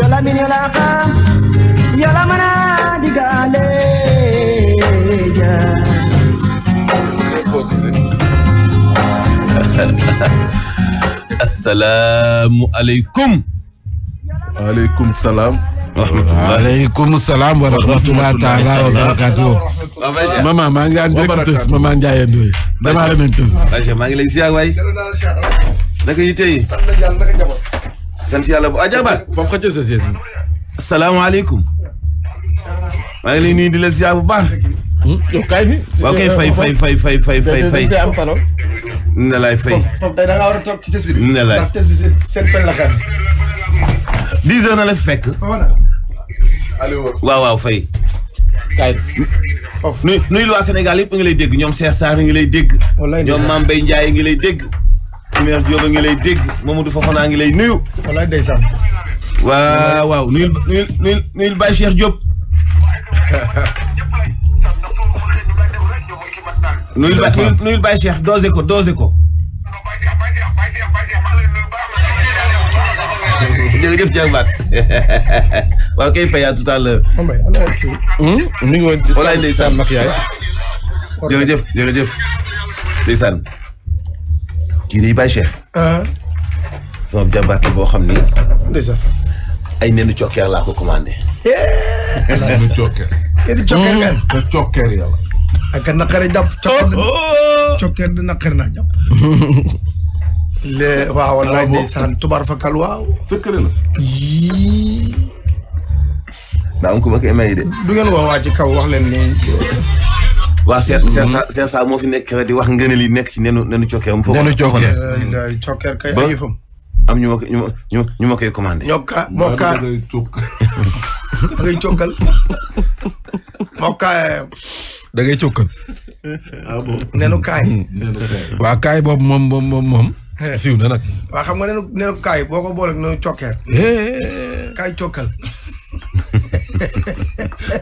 yoo la min yoo la xam yoo la mën a digaale ja asalaamualeykum. waaleykum salaam. rahmatulah waaleykum salaam wa rahmatulah taala wa barakaatu. maman maa ngi ànd rek tës maman Ndiaye Ndoye. damaa la meen tës. maa ngi lay ziar waay. naka yi tey. sant nañu yàlla naka njaboot. sant yàlla bu ajabaat foofu xëcc maa ngi lay nuyu di la ziar bu baax hmm? yow kaay bi waaw kay fay fay fay fay fay fay fay am solo da ngaa war a toog ci test bi ne laay test bi la waa Sénégal yëpp ngi lay dégg ñoom Cheikh Sarr ngi lay dégg ñoom Mame Mbaye Ndiaye ngi lay dégg Simeer Diop a ngi lay dégg Mamadou Fofana a ngi lay nuyu. walaay ndeysaan. waaw waaw nuyul nuyul nuyul nuyul Baye Cheikh Diop. nuyul ba nuyul Baye Cheikh doose ko doose ko. jërëjëf jërëjëf waaw kay fay à tout à l'heure. Hmm? walaay ndeysaan. jërëjëf jërëjëf ndeysaan. diine yi bàyyi Cheikh. Ah. sama jàmbaat la boo xam ni. ndeysaan. ay nenu cokkeer laa ko commandé. nenu cokkeer. nenu cokkeer nga. naqare jàpp oh, cokkeer di oh. naqare le waaw wallaay ndeysaan tubaar fakal waaw. secret la. yii. ku ma koy may de. du ngeen woowaa ci kaw wax leen ni. waaw seet a saa moo fi nekk di wax ngeen li nekk ci nenu nenu cokkeeram. foofu nenu cokkeer cokkeer kay ay fam am ñu ma ko ñu ñu cokkal mokka eh. da cokkal. Ah, hmm. nenu kaay. waa kaay boobu moom moom moom. Eh. siw na nag. waa xam nga nenu nenu kaay boo ko nenu cokkeer. Eh. kaay cokkal.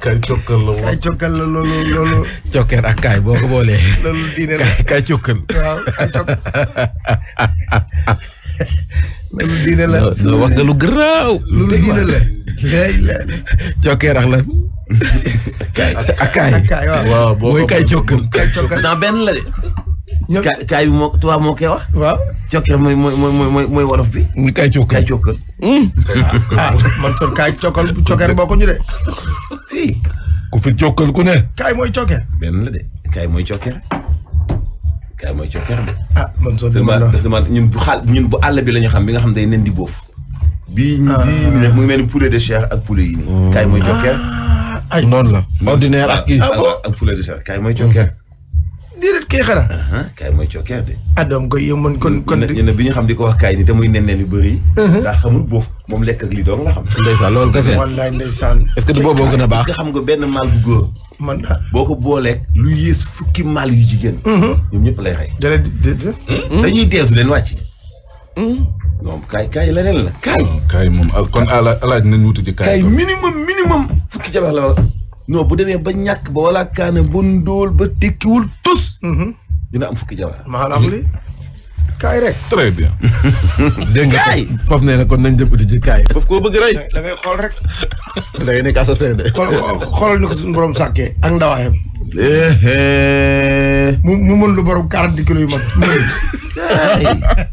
kay cokkal la kay cokkal la loolu loolu. cokkeer ak kaay boo ko boolee. loolu diine la kay cokkal. waaw kay cok. loolu diine la. lu wax nga lu garaaw. loolu diine la. cokkeer ak la. ak kaay. ak kaay waaw mooy kay cokkal. kay cokkal dans benn la de. ñoom kaay bi moo tubaab moo koy wax. waaw wolof bi. muy kaay cokkal kaay cokkal. Hmm. ah man toog kaay boo ko ñu de. si. ku fi cokkal ku ne. kaay mooy cokkeel. benn la de kaay mooy cokkeel. kaay mooy cokkeel de. ah man soo demee ñun bu xaal ñun àll bi la xam bi nga xam day nen di boofu. bii ñu ah. bii ñu mel ni poulet de chair ak poulet yi nii. Hmm. kaay mooy cokkeel. Ah, ay noonu ak kii ah, de chair kaay mooy cokkeel. déedéet kay xanaa. Uh-huh, kaay mooy cokkeer de. ah donc yow man kon kon. ne bi ñu xam di ko wax kaay ni te muy nen neen yu bëri. Uh-huh. ndax xamul boof moom lekk ak lii la xam. ndeysaan loolu kese. wallaay ndeysaan. est-ce que du booboo gën a baax est-ce que xam nga benn maal bu góor. man ah, boo ko booleeg lu yées fukki maal yu jigéen. Uh-huh. ñoom ñëpp lay rey. Hmm? dañuy deedu leen wàcc. donc hmm? kaay kaay la kaay. kaay moom kon alaaj nañ wuti ci minimum minimum fukki jabar la non bu demee ba ñàkk ba wala kaane bu ndóol ba tekkiwul tus. Mhm. dina am fukki jabar. maanaam li kaay rek. très bien. dégg nga foofu nee na nañ dem uti ji koo bëgg rey. da xool rek. da ngay nekk xool xoolal ni borom sàkkee ak ndawaayam. Eh, eh. mu mu lu borom quarante kilos yu mag.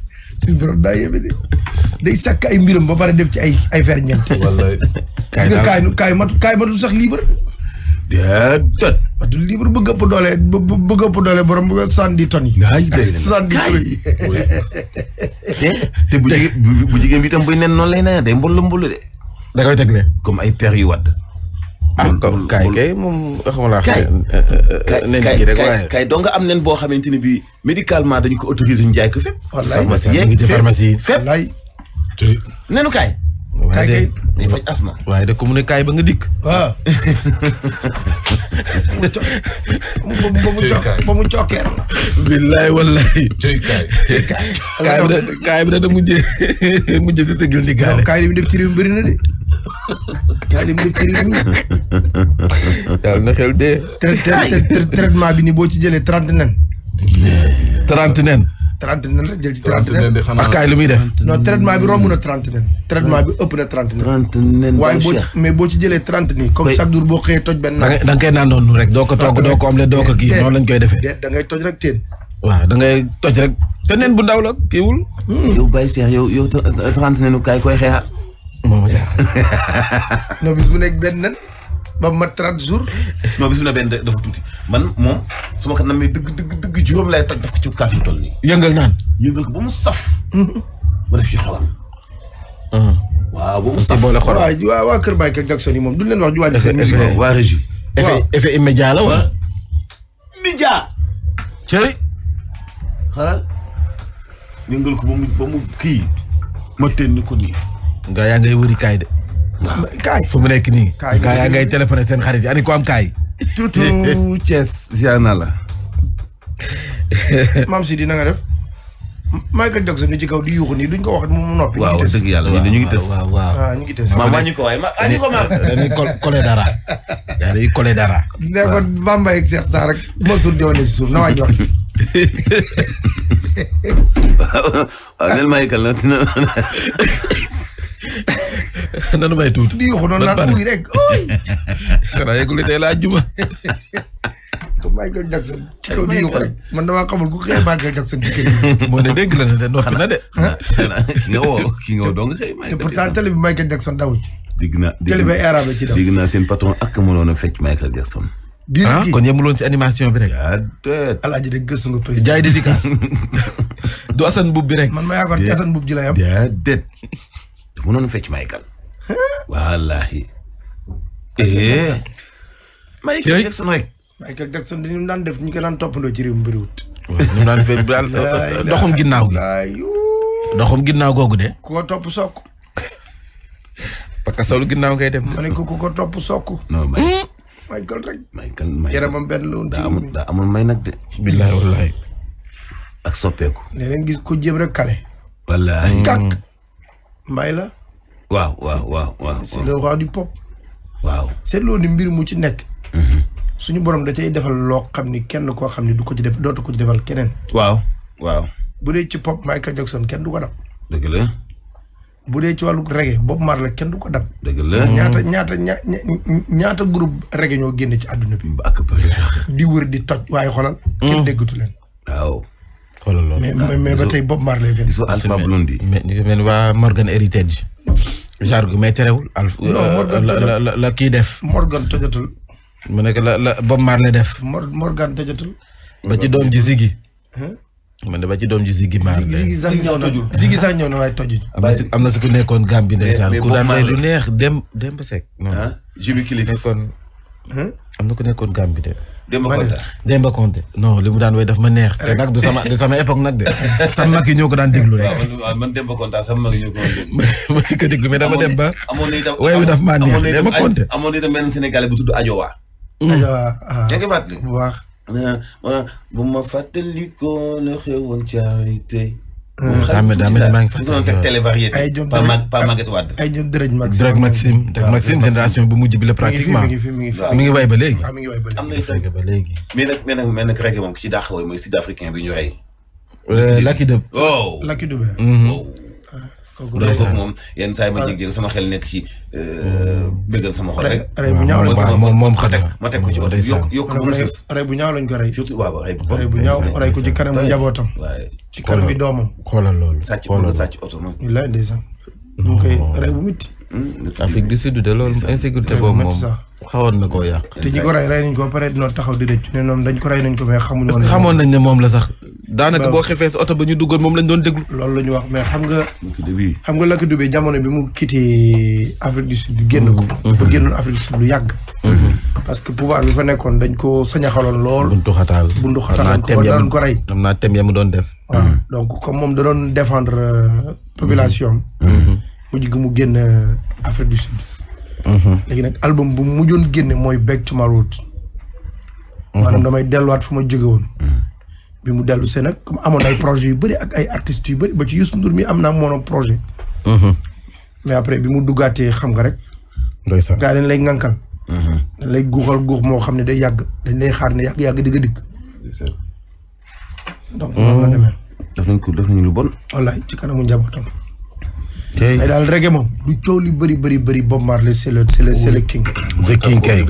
suñu borom daa yéeme de day sàkk ay mbiram ba pare def ci ay ay fer ñeent. wallaay kaay kaay kaay matu kaay sax liibar. déedéet. parce que livre bëgg ëpp doole bëgg ëpp doole borom bu soixante-dix tonnes yi. ay soixante-dix tonnes te bu jigéen bu jigéen bi tam bu nen noon lay naan day mboolu mboolu de. da koy tegle comme ay per yu wadd. ah comme kaay kay moom waxumala. kaay kaay kaay kaay doo nga am nen boo xamante ni bii médicalement dañu ko autorisé ñu jaay ko fépp. wallaay pharmacie yeeg pharmacie fépp. nenu kaay. kaay kay day faj asma. waaye de ko mu kaay ba nga dikk. waaw. Ah. ba mu cokkeer la. billaay wallaay. jooy kaay. kaay bi da kaay bi da da mujjee si sa gil di kaay li mu def ci réew mi de. kaay li mu def ci réew mi. de. traitement bi ni boo ci jëlee trente nen. trente nen. trente nen rek jël ci trente nen ak kaay lu muy def non traitement bi bi ëpp na trente nen trente nen waaye boo ci mais boo ci comme chaque jour boo xëyee toj benn da nga ah, toj rek teen waaw bu ndaw kiiwul hmm. yow Baye Cheikh yow yow trente nenu kaay koy xeexal moom bis bu nekk benn nen ba ma trente jours. non bis bu ne benn dafa tuuti man moom su ma ko namee dëgg dëgg dëgg juróom lay toj daf ko ci kaas yu toll nii. yëngal naan yëngal ko ba mu saf. ba def ci xolam. Ah. waaw ba mu saf boole xolam waaw waa Kër Michael Jackson yi moom duñ leen wax ñu wàññi seen musique waa régie. effet effet immédiat la wala. immédiat. ba mu ba mu ma tënni ko nii. nga yaa ngay wëri kaay de. kaay fu mu nekk nii. kaay gaa yaa ngay téléphoné seen xarit yi ani ko am kaay. tuutu Thiès ziar naa la. maam si di na nga def. Michael Jackson ni ci kaw di yuuxu nii duñ ko wax mu noppi. waaw dëgg yàlla ñu ngi tës waaw waaw ah, ñu ngi tës. maam ñu ko waaye ma ani ko maam. dañuy collé dara. yaa ngi collé dara. ne ko Bamba ak Cheikh Sarr rek Mansour Dione si suuf na waa ñu wax. waaw waaw neel Michael na. nanu may tuuti. di yuuxu noonu naan uy rek ooy. xanaa yeggu li tey laa juma. comme Michael Jackson. kaw di yuuxu rek man damaa xamul ku xëy Michael Jackson ci kër yi. moo ne dégg la ne de noppi na de. nga woo ki nga woo dong xëy Michael Jackson te pourtant télé bi Michael Jackson daw ci. dégg naa télé bi arabe ci daw. dégg naa seen patron ak mënoon a fecc Michael Jackson. diir gi ah, kon yemuloon si animation bi rek. alaaji de gëstu nga président jaay dédicace. du Assane Boub bi rek. man ma yaakaar Assane Boub ji lay am. wallaahi. Eh? Michael Jackson rek. Michael Jackson ni mu daan def ñu ko daan toppandoo ci réew mi bëriwut. ni mu daan defee daal doxum ginnaaw gi. doxum ginnaaw googu de. koo topp sokk. parce que solu ginnaaw ngay def. ma ne ko ku ko topp sokk. non Michael. Hmm? Michael rek. Michael Michael yaramam benn la woon. daa amul daa amul may nag de. billahi wallahi. ak soppeeku. nee leen gis ku jéem rek kale. wallaahi kàkk mbay la. waaw waaw waaw waaw c'est le roi pop. waaw seetloo ni mbir mu ci nekk. Mm-hmm. suñu borom da cay defal loo xam ni kenn koo xam ni du ko ci def dootu ko ci defal keneen. waaw waaw. bu dee ci pop Michael Jackson kenn du ko dab. dëgg la. bu dee ci wàllu reggae Bob Marley kenn du ko dab. dëgg la ñaata ñaata ña ñaata groupe reggae ñoo génne ci àdduna bi. ak bëri sax. di wër di toj waaye xolal kenn mm. déggatu leen. waaw. mais mais ba tey Bob Marley gis nga Alpha Blondy. mais waa Morgan Heritage. genre gu may terewul. Euh, la la la kii def. Morgan tëjatul. mu nekk ba ci doom ji Ziggy. man de ba ci doom ji Ziggy Marley. Ziggy sax waaye tojul. am na si ku nekkoon Gambie ndeysaan ku daan lay lu neex dem dem am na ku nekkoon Gambie de. Demba Conte Demba Conte non li mu daan way daf ma neex. te nag du sama du sama époque nag de. sama mag yi ñoo ko daan déglu rek. waaw man Demba Conte sama mag yi ñoo ko déglu. ma fi ko déglu mais dama dem ba. amoon na itam waaye wi daf maa neex Demba Conte. amoon na itam benn Sénégalais bu tudd Ajowa. Mm. Ajowa ah yaa ngi fàttali bu baax. Ah, bu ma fàttali ko la xewoon charité. Euh, Ahmed Ahmed maa ngi fàttali. doon teg télé variété. ay ñoom Maguette Wade. ay ñoom Dërëj Maxime Dërëj Maxime. Maxime génération bu mujj bi la pratiquement. mi ngi fi mi ngi fi mi ngi waay ba léegi. Ah, mi ngi waay ba léegi am na itam ba léegi. mais nag mais nag mais nag reggae moom ki ci dàq mooy sud africain bi ñu rey. Euh, Lucky Dube. oh Lucky Dube. kooku doy foofu moom yenn saa yi ma jékki-jékki sama xel nekk ci euh, bëggal sama xol rek. rey bu ñaaw lañ moom xa moom moom ma teg ko ci wàllu yokk yokk bu mu sës. rey bu ñaaw lañ ko rey. surtout waaw rey bu bu ñaaw rey ko ci kanamu njabootam. waaye ci kanamu doomam. xoolal loolu xoolal sàcc bëgg sàcc oto moom. wallaahi ndeysaan. ñu ngi koy oh. rey bu métti. Afrique du Sud de loolu insécurité boobu moom xawoon na koo yàq. te ñi ko rey rey nañ ko pare dina taxaw di rëcc ne ñoom dañ ko rey moom la sax. daanaka boo xefee sa oto wax mais xam nga. xam nga Lucky Dube mu quitté Afrique du Sud génn ko. Mhm. dafa génnoon Afrique du Sud lu yàgg. Mhm. bi fa nekkoon dañ ko sañ a xaloon lool. buntu xataal buntu xataal ko daan ko rey. am naa thème ya mu doon def. waaw donc comme moom da doon défendre euh, population mujj gi mu génn euh, Afrique du Sud. Mm-hmm. léegi nag album bu mu mujjoon génne mooy Back to my roots. Mm-hmm. maanaam damay delluwaat fu ma jóge woon. Mm-hmm. bi mu dellu see nag comme amoon ay projet yu bëri ak ay artistes yu bëri ba ci Youssou Ndour mi am naa mono projet. mais après bi mu duggaatee xam nga rek. ndeysaan gaa dañ lay ŋànkal. dañ lay guuxal guux moo xam ne day yàgg dañ lay xaar ne yàgg yàgg di nga dikk. donc noonu tey daal reggae moom lu coow li bari bëri bëri Bob Marley c'est le c'est le c'est le king. the king kay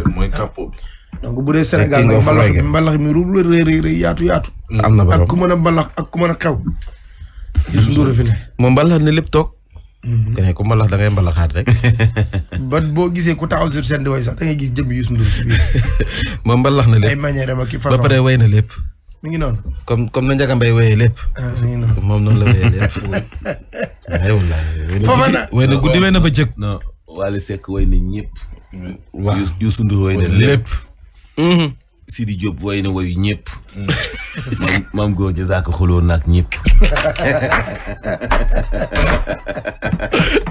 donc bu dee Sénégal nag mbalax mbalax mi ruub la rëy rëy yaatu yaatu. Mm. am na borom ak ku mën a mbalax ak ku mën a xew. Youssou Ndour fi ne. moom mbalax ne lépp toog. te mm-hmm. ne ku da ngay mbalaxaat rek. ba boo gisee ku taxaw sur scène di way sax da ngay gis jëm Youssou Ndour moom mbalax na lépp ay manière am ak i façon ba pare way na lépp. mi ngi noonu. comme comme na Ndiaga Mbaye wéyee lépp. Ah, mi ngi noonu moom noonu la wéyee lépp. Fofana wéy na guddi wéy na bëccëg. non Wally Seck wéy na ñëpp. waaw Youssou Ndour wéy na lépp. Mm-hmm. Sidi Diop wéy na woyu ñëpp. maam mm. maam góor jazaaka xuloo naag ñëpp.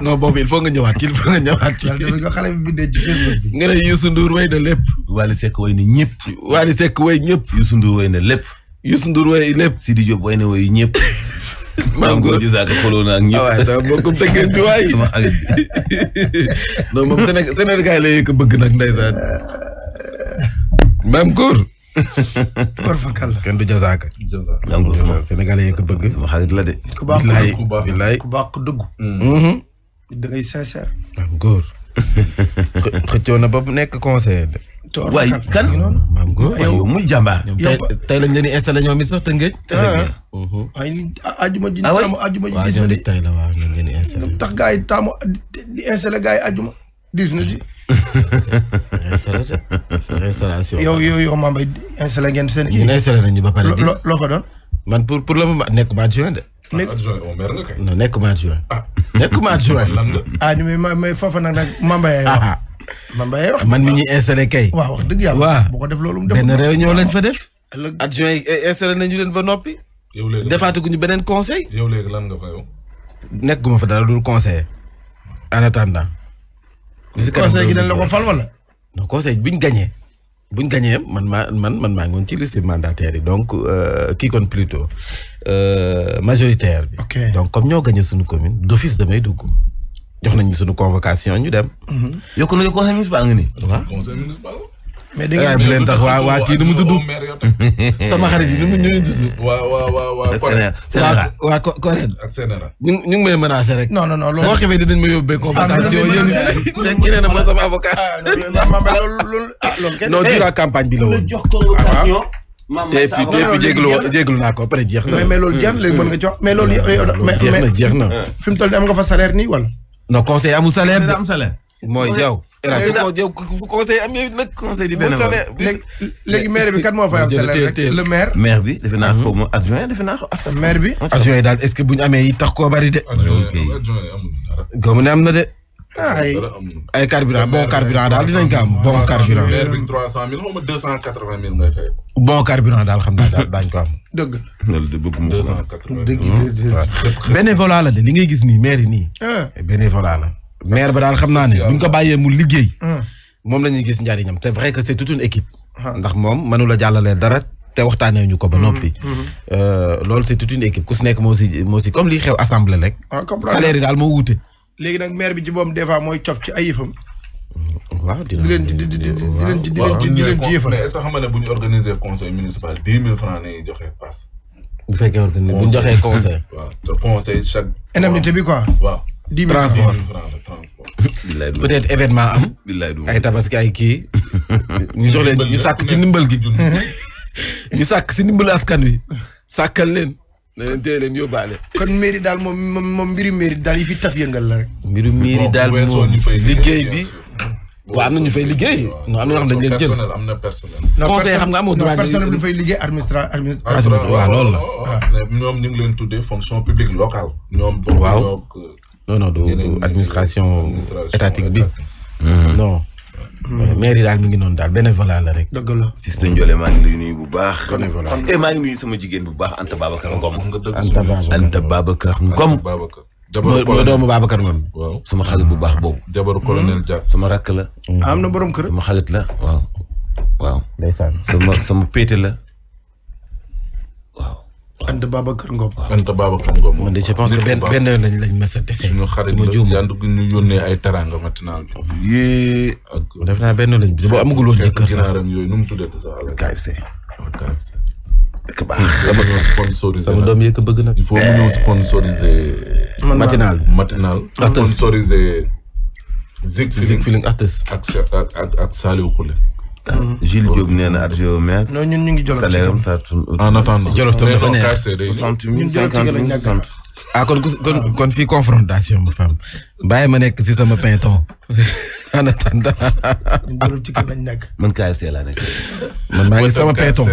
non boobu il faut nga ñëwaat il faut nga ñëwaat ci. yàlla dafa xale bi bindee ci Facebook bi. nga ne Youssou Ndour wéy na lépp. Wally Seck wéy na ñëpp. Wally Seck wéy ñëpp. Youssou Ndour wéy na lépp. Youssou Ndour way lépp Sidi Diop way na way ñëpp maam góor gi saaka ak ñëpp ah waaye bëgg nag ndeysaan euh. maam góor war fa bëgg sama xarit la de ku baax ku baax billaay ku mm. mm-hmm. maam góor xëccoo na ba nekk conseiller de toor waay kan maam góor yow muy jàmbaar. tey lañ leen di installé ñoom it sax Tëngéej. Ah, mhm. ay ajuma ji ah, taamu ajuma ji dis na di tey la waaw ñu leen di tax gars yi taamu di installé gars ajuma dis na di. installation yow yow yow maam bay installé ngeen seen. ñu installé nañu ba pare. loo loo fa doon. man pour pour le moment nekkuma ah, oh, Mamba man Mbaye man mi ñuy installé kay. waaw wax dëgg yàlla. waaw bu ko def loolu mu def benn réunion lañ fa def. adjoint yi eh, installé nañu leen ba noppi. yow léegi defaatuguñu beneen conseil. yow léegi lan nga fa yow. nekkuma fa dara dul conseil. anatanda attendant. li si conseil gi dañ la ko fal bi ñu gagné. buñ gagné man maa man man maa ngi woon ci liste mandataire yi donc kii euh, kon plutôt euh, majoritaire bi. donc comme ñoo gagné suñu commune d'office damay dugg. jox nañu suñu convocation ñu dem. yokk nañu conseil municipal nga ni. waaw conseil municipal. tax waa waa kii nu mu tudd. sama xarit yi nu mu ñu ngi tudd. waa waa waa waa. CNRA waa CNRA. ñu ñu ngi may menacer rek. non non non loolu boo xamee dinañ ma yóbbee convocation yéen it. kii nee na bi la woon. maam ma sa naa ko après jeex na. mais mais loolu jeex na léegi mën nga jox mais loolu. jeex na jeex na fi mu toll nii am nga fa salaire nii wala. non conseil amul salaire de am salaire. mooy e yow conseil am yow nag. conseil di benn léegi maire bi kat moo fay am salaire le maire. maire bi defe naa mhm. xaw ma adjoint defe naa xaw maire bi. adjoint daal est-ce que bu amee yi tax koo bari de. adjoint am na de. ay ay carburant bon carburant daal dinañ ko am bon carburant. daal xam naa daal daañu ko am. dëgg la de li ngay gis ni maire yi nii. Ah. Eh, bénévolat la maire ba daal xam naa ne buñ ko bàyyee mu liggéey. Ah. moom la ñuy gis njariñam c'est vrai que c'est toute une équipe. Ah. ndax moom mënula jàllaleel dara. te waxtaanee ñu ko ba mm-hmm, noppi. Mm-hmm. Euh, loolu c'est toute une équipe ku si nekk moo si li xew assemblée rek. salaire daal moo wuute. léegi nag maire bi ci boom des fois mooy cof ci ay yëfam. waaw di leen di di di leen di leen ci yëfam. mais est ne bu ñu organiser conseil municipal dix mille francs la ñuy joxe pass. bu fekkee organisé bu ñu joxee conseil. waaw te conseil chaque. indemnité bi quoi. waaw dix mille francs transport. peut-être événement am. ay tabaski ay kii. ñu jox leen ñu sàkk ci nimbal gi. ñu sàkk si ndimbalu askan wi. sàkkal leen. ne leen dee leen kon mairie daal moom moom mbiru mairie daal yi fi taf yëngal la rek. mbiru daal moom liggéey bi. waaw am na fay liggéey. non am na ñoo xam dañ leen jël am na personnel. conseil xam nga amoo droit personnel bi liggéey administra administration. waaw loolu la oh, oh, oh. ñoom ñu ngi tuddee fonction publique locale. ñoom bokk euh, non non du administration étatique bi hmm. non. maire yi daal mi ngi noonu daal bénévolat la rek. dëgg la si maa ngi lay nuyu bu baax. bénévolat eh, maa ngi nuyu sama jigéen bu baax Anta Babacar Ngom. Anta Babacar Ngom. jabaru mooy doomu Babacar Ngom. sama xarit bu baax boobu. jabaru colonel Diak. Hmm. sama rakk la. Hmm. am na boroom kër. sama xarit la waaw. waaw. ndeysaan sama sama péete la waaw. Anta Babacar Ngom. Anta Babacar Ngom. man de je pense que benn benn lañ lañ mës a dese. suñu xarit naa benn lañ bi boo amagul woon jëkkër sax ginaaram oh, doom yëkk bëgg nag. il faut mu ñëw sponsorisé. Feeling Zik ak ak ak Gilles mm-hmm. Diop nee na at yoo mees. non ñun ñu ngi Jolof salaire am saa tun. en attendant Jolof tam dafa neex soixante ah, ah. fii confrontation bu fam bàyyi ma nekk si sama pinton. en attendant. ñun Jolof ci kan lañ nekk. man KFC laa nekk. man maa ngi sama pinton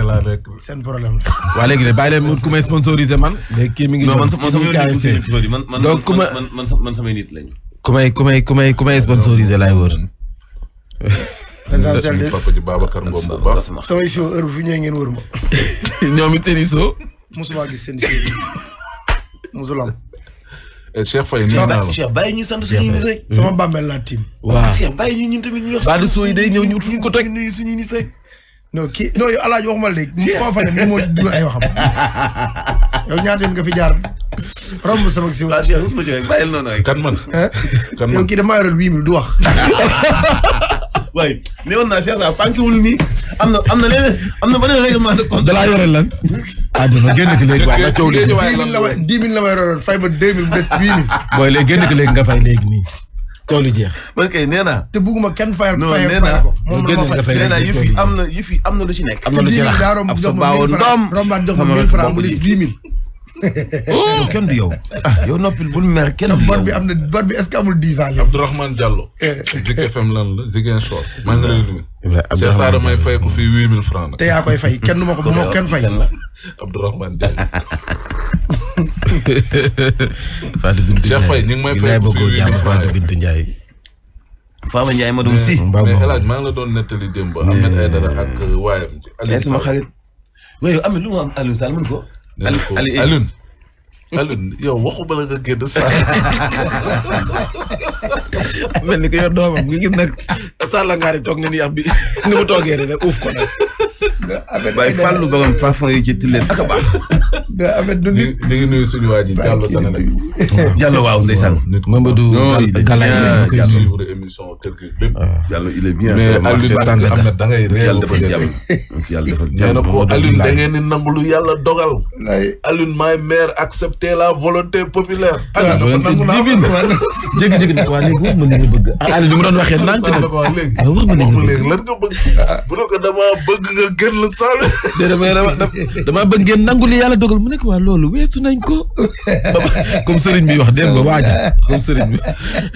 seen problème la. waa léegi de bàyyi leen ku may sponsorisé man. léegi kii mi ngi. non man sama man donc ku ma man man samay nit lañu. ku may ku may ku may ku essentiel de papa ji Babacar Ngom bu baax. samay show heure bu fi ma. ñoom it seen i show. mosuma gis seen eh, ñu sant suñu nit rek. sama bàmmeel laa tiim. waaw Cheikh bàyyi ñu ñun tamit ñu wax. Badou Sow yi day ñëw ñu fu ñu ko teg nuyu suñu nit rek. non kii non yow Alaaji waxuma léegi. mu koo fa ne mu nga fi jaar romb sama si. waaw Cheikh mosuma ci rek bàyyil kan man kan man yow kii dafa maa yoreel huit du wax. waaye néewoon naa Cheikh Sarr pànkiwul am na am na leneen am na beneen règlement de compte. dalaa yore lan. Ah, la may yoroon fay ba deux mille des huit mille. booy léegi génn nii. coow li jeex. parce que nee naa. te bugguma kenn fayal. fayal fayal ko moom la ma fay nee naa yi fi am na yi fi am na lu ci nekk. am na lu ci rax ab sa baawoon doom rombaat jox ma mille francs kenn du yow ah yow noppil bul mer kenn du yow. bor bi am na bor bi est-ce que amul dix ans léegi. Abdourahmane Diallo. Eh. Zik FM lan la Ziguinchor. maa ngi lay nuyu. Cheikh Saara may fay ko fii huit mille francs. te yaa koy fay kenn du ma ko bu ma kenn fay. Abdourahmane Diallo. Fatou Bintou Ndiaye Cheikh Faye ñu ngi may fay ko fii huit mille francs Fatou Bintou Ndiaye. Fama Ndiaye ma doon si. mais El Hadj maa ngi la doon nettali démb. Ahmed eh. Aïdara ak waayam. Aliou eh, Sall sama xarit. mais yow Amady lu mu am Aliou Sall mën ko. Alioune Alioune Alioune yow waxu bala nga génn Sall. mel ni ko yor doomam nga gis nag Sall ngaari toog na ni yax bi ni mu toogee rek uuf ko nag. waaye Fallou Ba moom parfum yi ci tilleen ak ba ñu ngi nuyu suñu waa ji Diallo Sanane. Diallo waaw ndeysaan. Mamadou Galaye ñu koy suivre émission kër gi lépp. Diallo il est bien. mais Alioune am na da ngay réew. yàlla defal jàmm na ko Alioune da ngeen di nangu lu yàlla dogal. Alioune maay maire accepter la volonté populaire. Ah, Alioune nangu naa jékki-jékki nag waa léegi wax ma li nga bëgg. Ah, Alioune li mu doon waxee naan dina ah, wax ma léegi wax ma léegi lan nga bëgg. bu ne ko damaa bëgg nga génn Sall. dama bëgg ngeen nangu li yàlla dogal mu nekk waa loolu weesu nañ ko comme sëriñ bi wax dégg nga waa ji comme sëriñ bi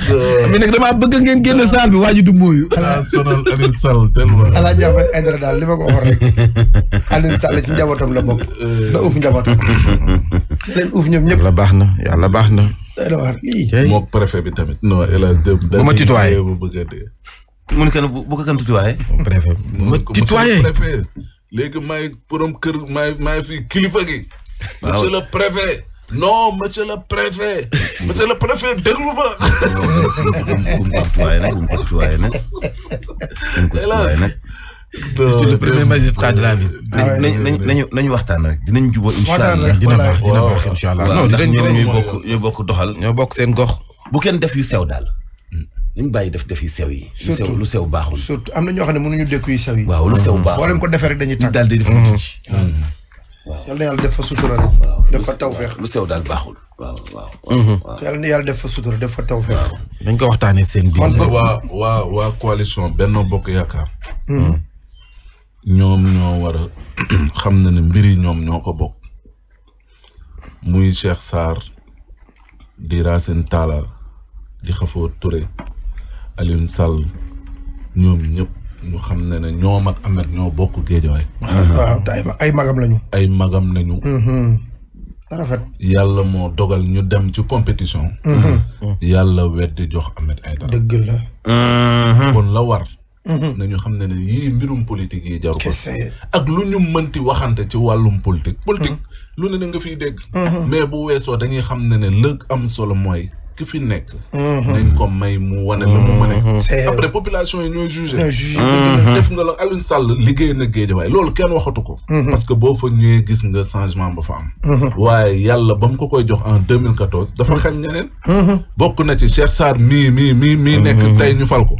mais nag damaa bëgg ngeen génn saal bi waa ji du mooyu ala sonal Alioune Sall daal li ma ko waxoon rek Alioune Sall ci njabootam la bokk eh. na uuf njabootam leen uuf ñoom ñëpp yàlla baax na yàlla baax na mook bi tamit non El Hadj Deme bu ma titoyé a mu ne kan bu kan titoyé bu ma titoyé léegi maay borom kër maay maay fii monsieur le préfet. non monsieur le préfet. monsieur le préfet déglu ma. bu mu ko tutoyé nag bu mu ko tutoyé nag. bu mu ko tutoyé nag. monsieur le premier magistrat de la ville. nañu nañu nañu waxtaan rek dinañ jubóo incha allah dina baax dina baax incha allah. non dinañ ñoo bokk ñoo bokk doxal. ñoo bokk seen gox. bu kenn def yu sew daal. ñu bàyyi def def yu sew yi. surtout lu sew baaxul. surtout am na ñoo xam ne mënuñu dëkk yu sew yi. waaw lu sew baaxul boo leen ko defee rek dañuy tàgg. daal di def ko tuuti. yal yàlla def fa sutura def fa tawfeex. lu sew daal baaxul. yal yàlla def fa sutura def fa tawfeex. dañ ko waxtaanee seen biir. man waa waa Bokk Yaakaar. Hmm. Hmm. ñoo war na ne mbir yi ñoom ñoo ko bokk. muy Cheikh Sarr di Racine Talla di Xafo ñoom ñëpp. ñu xam ne na ñoom ak Ameth ñoo bokk géejawaay. waaw te ay magam lañu. ay magam lañu. Mm-hmm. rafet. yàlla moo dogal ñu dem ci compétition. Mm-hmm. yàlla weddi jox Ameth Aidara. dëgg la. Mm-hmm. kon la war. nañu xam ne ne yii mbirum politique yi jaru ko ak lu ñu mënti waxante ci wàllum politique. politique lu ne na nga fi dégg. mais bu weesoo dañuy xam ne ne lëg am solo mooy. ki fi nekk. Mhm. nañ ko may mu wane la mu mhm. mën a. après population yi ñooy jugé. Mhm. def nga la Alioune Sall liggéey na Guédiawaye loolu kenn waxatu ko. parce que boo fa ñëwee gis nga changement ba fa am. waaye yàlla ba mu ko koy jox en 2014 dafa xañ ñeneen. bokk na ci cher Sarr mi mii mii mii nekk tey ñu fal ko.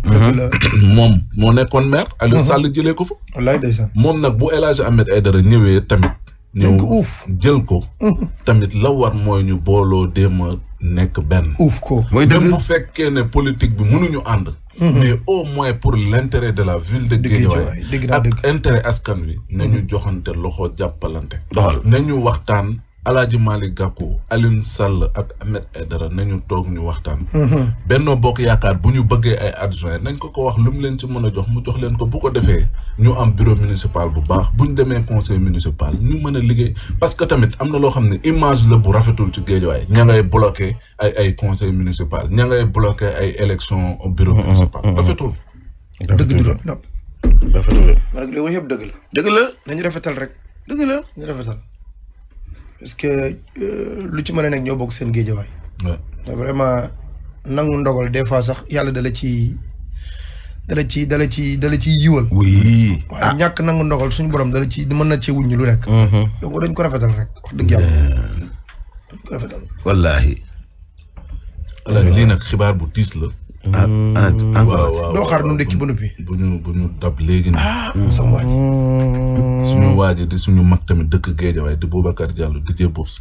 moom moo nekkoon maire. Alioune Sall jëlee ko fa. wallaay ndeysaan moom nag bu El Hadj Ahmed Aïdara ñëwee tamit. ñëw jël ko. tamit la war mooy ñu booloo dem nekk benn. uuf ko mooy dëgg bu fekkee ne politique bi mënuñu ànd. Mhm. mais au moins pour l' de la ville de Guédiawaye ak intérêt askan wi. nañu mhm. joxante loxo jàppalante. ñu waxtaan. Alaaji Malick Gakou alin Sall ak Ahmed Aidara nañu toog ñu waxtaan. Mhm. Benno Bokk Yaakaar bu ñu bëggee ay adjoint nañ ko ko wax lu mu leen ci mën a jox mu jox leen ko bu ko defee ñu am bureau municipal bu baax bu ñu demee conseil municipal ñu mën a liggéey parce que tamit am na loo xam ne image la bu rafetul ci géejawaay ña ngay bloqué ay ay conseil municipal ña ngay bloqué ay élection bureau mhm. municipal mhm. rafetul. dëgg du doon yëpp dëgg la. la nañu rafetal rek. dëgg la ñu rafetal. parce que euh, lu ci mën a nekk ñoo bokk seen géejawaay. waaw vraiment nangu ndogal des fois sax yàlla dala ci dala ci dala ci dala ci yiwal. oui ah waaye ñàkk nangu ndogal suñu borom dala ci mën na cee wuññi lu nekk. Mm-hmm. donc dañ ko rafetal rek wax dëgg yàlla. dañ ko rafetal. wallaahi. lii nag xibaar bu tiis la. en doo xaar nu ndekki ba noppi. bu ñu bu ñu dab léegi nii. ah sama waaj. suñu waaj di suñu mag tamit dëkk géej waaye di Boubacar Diallo di jee si.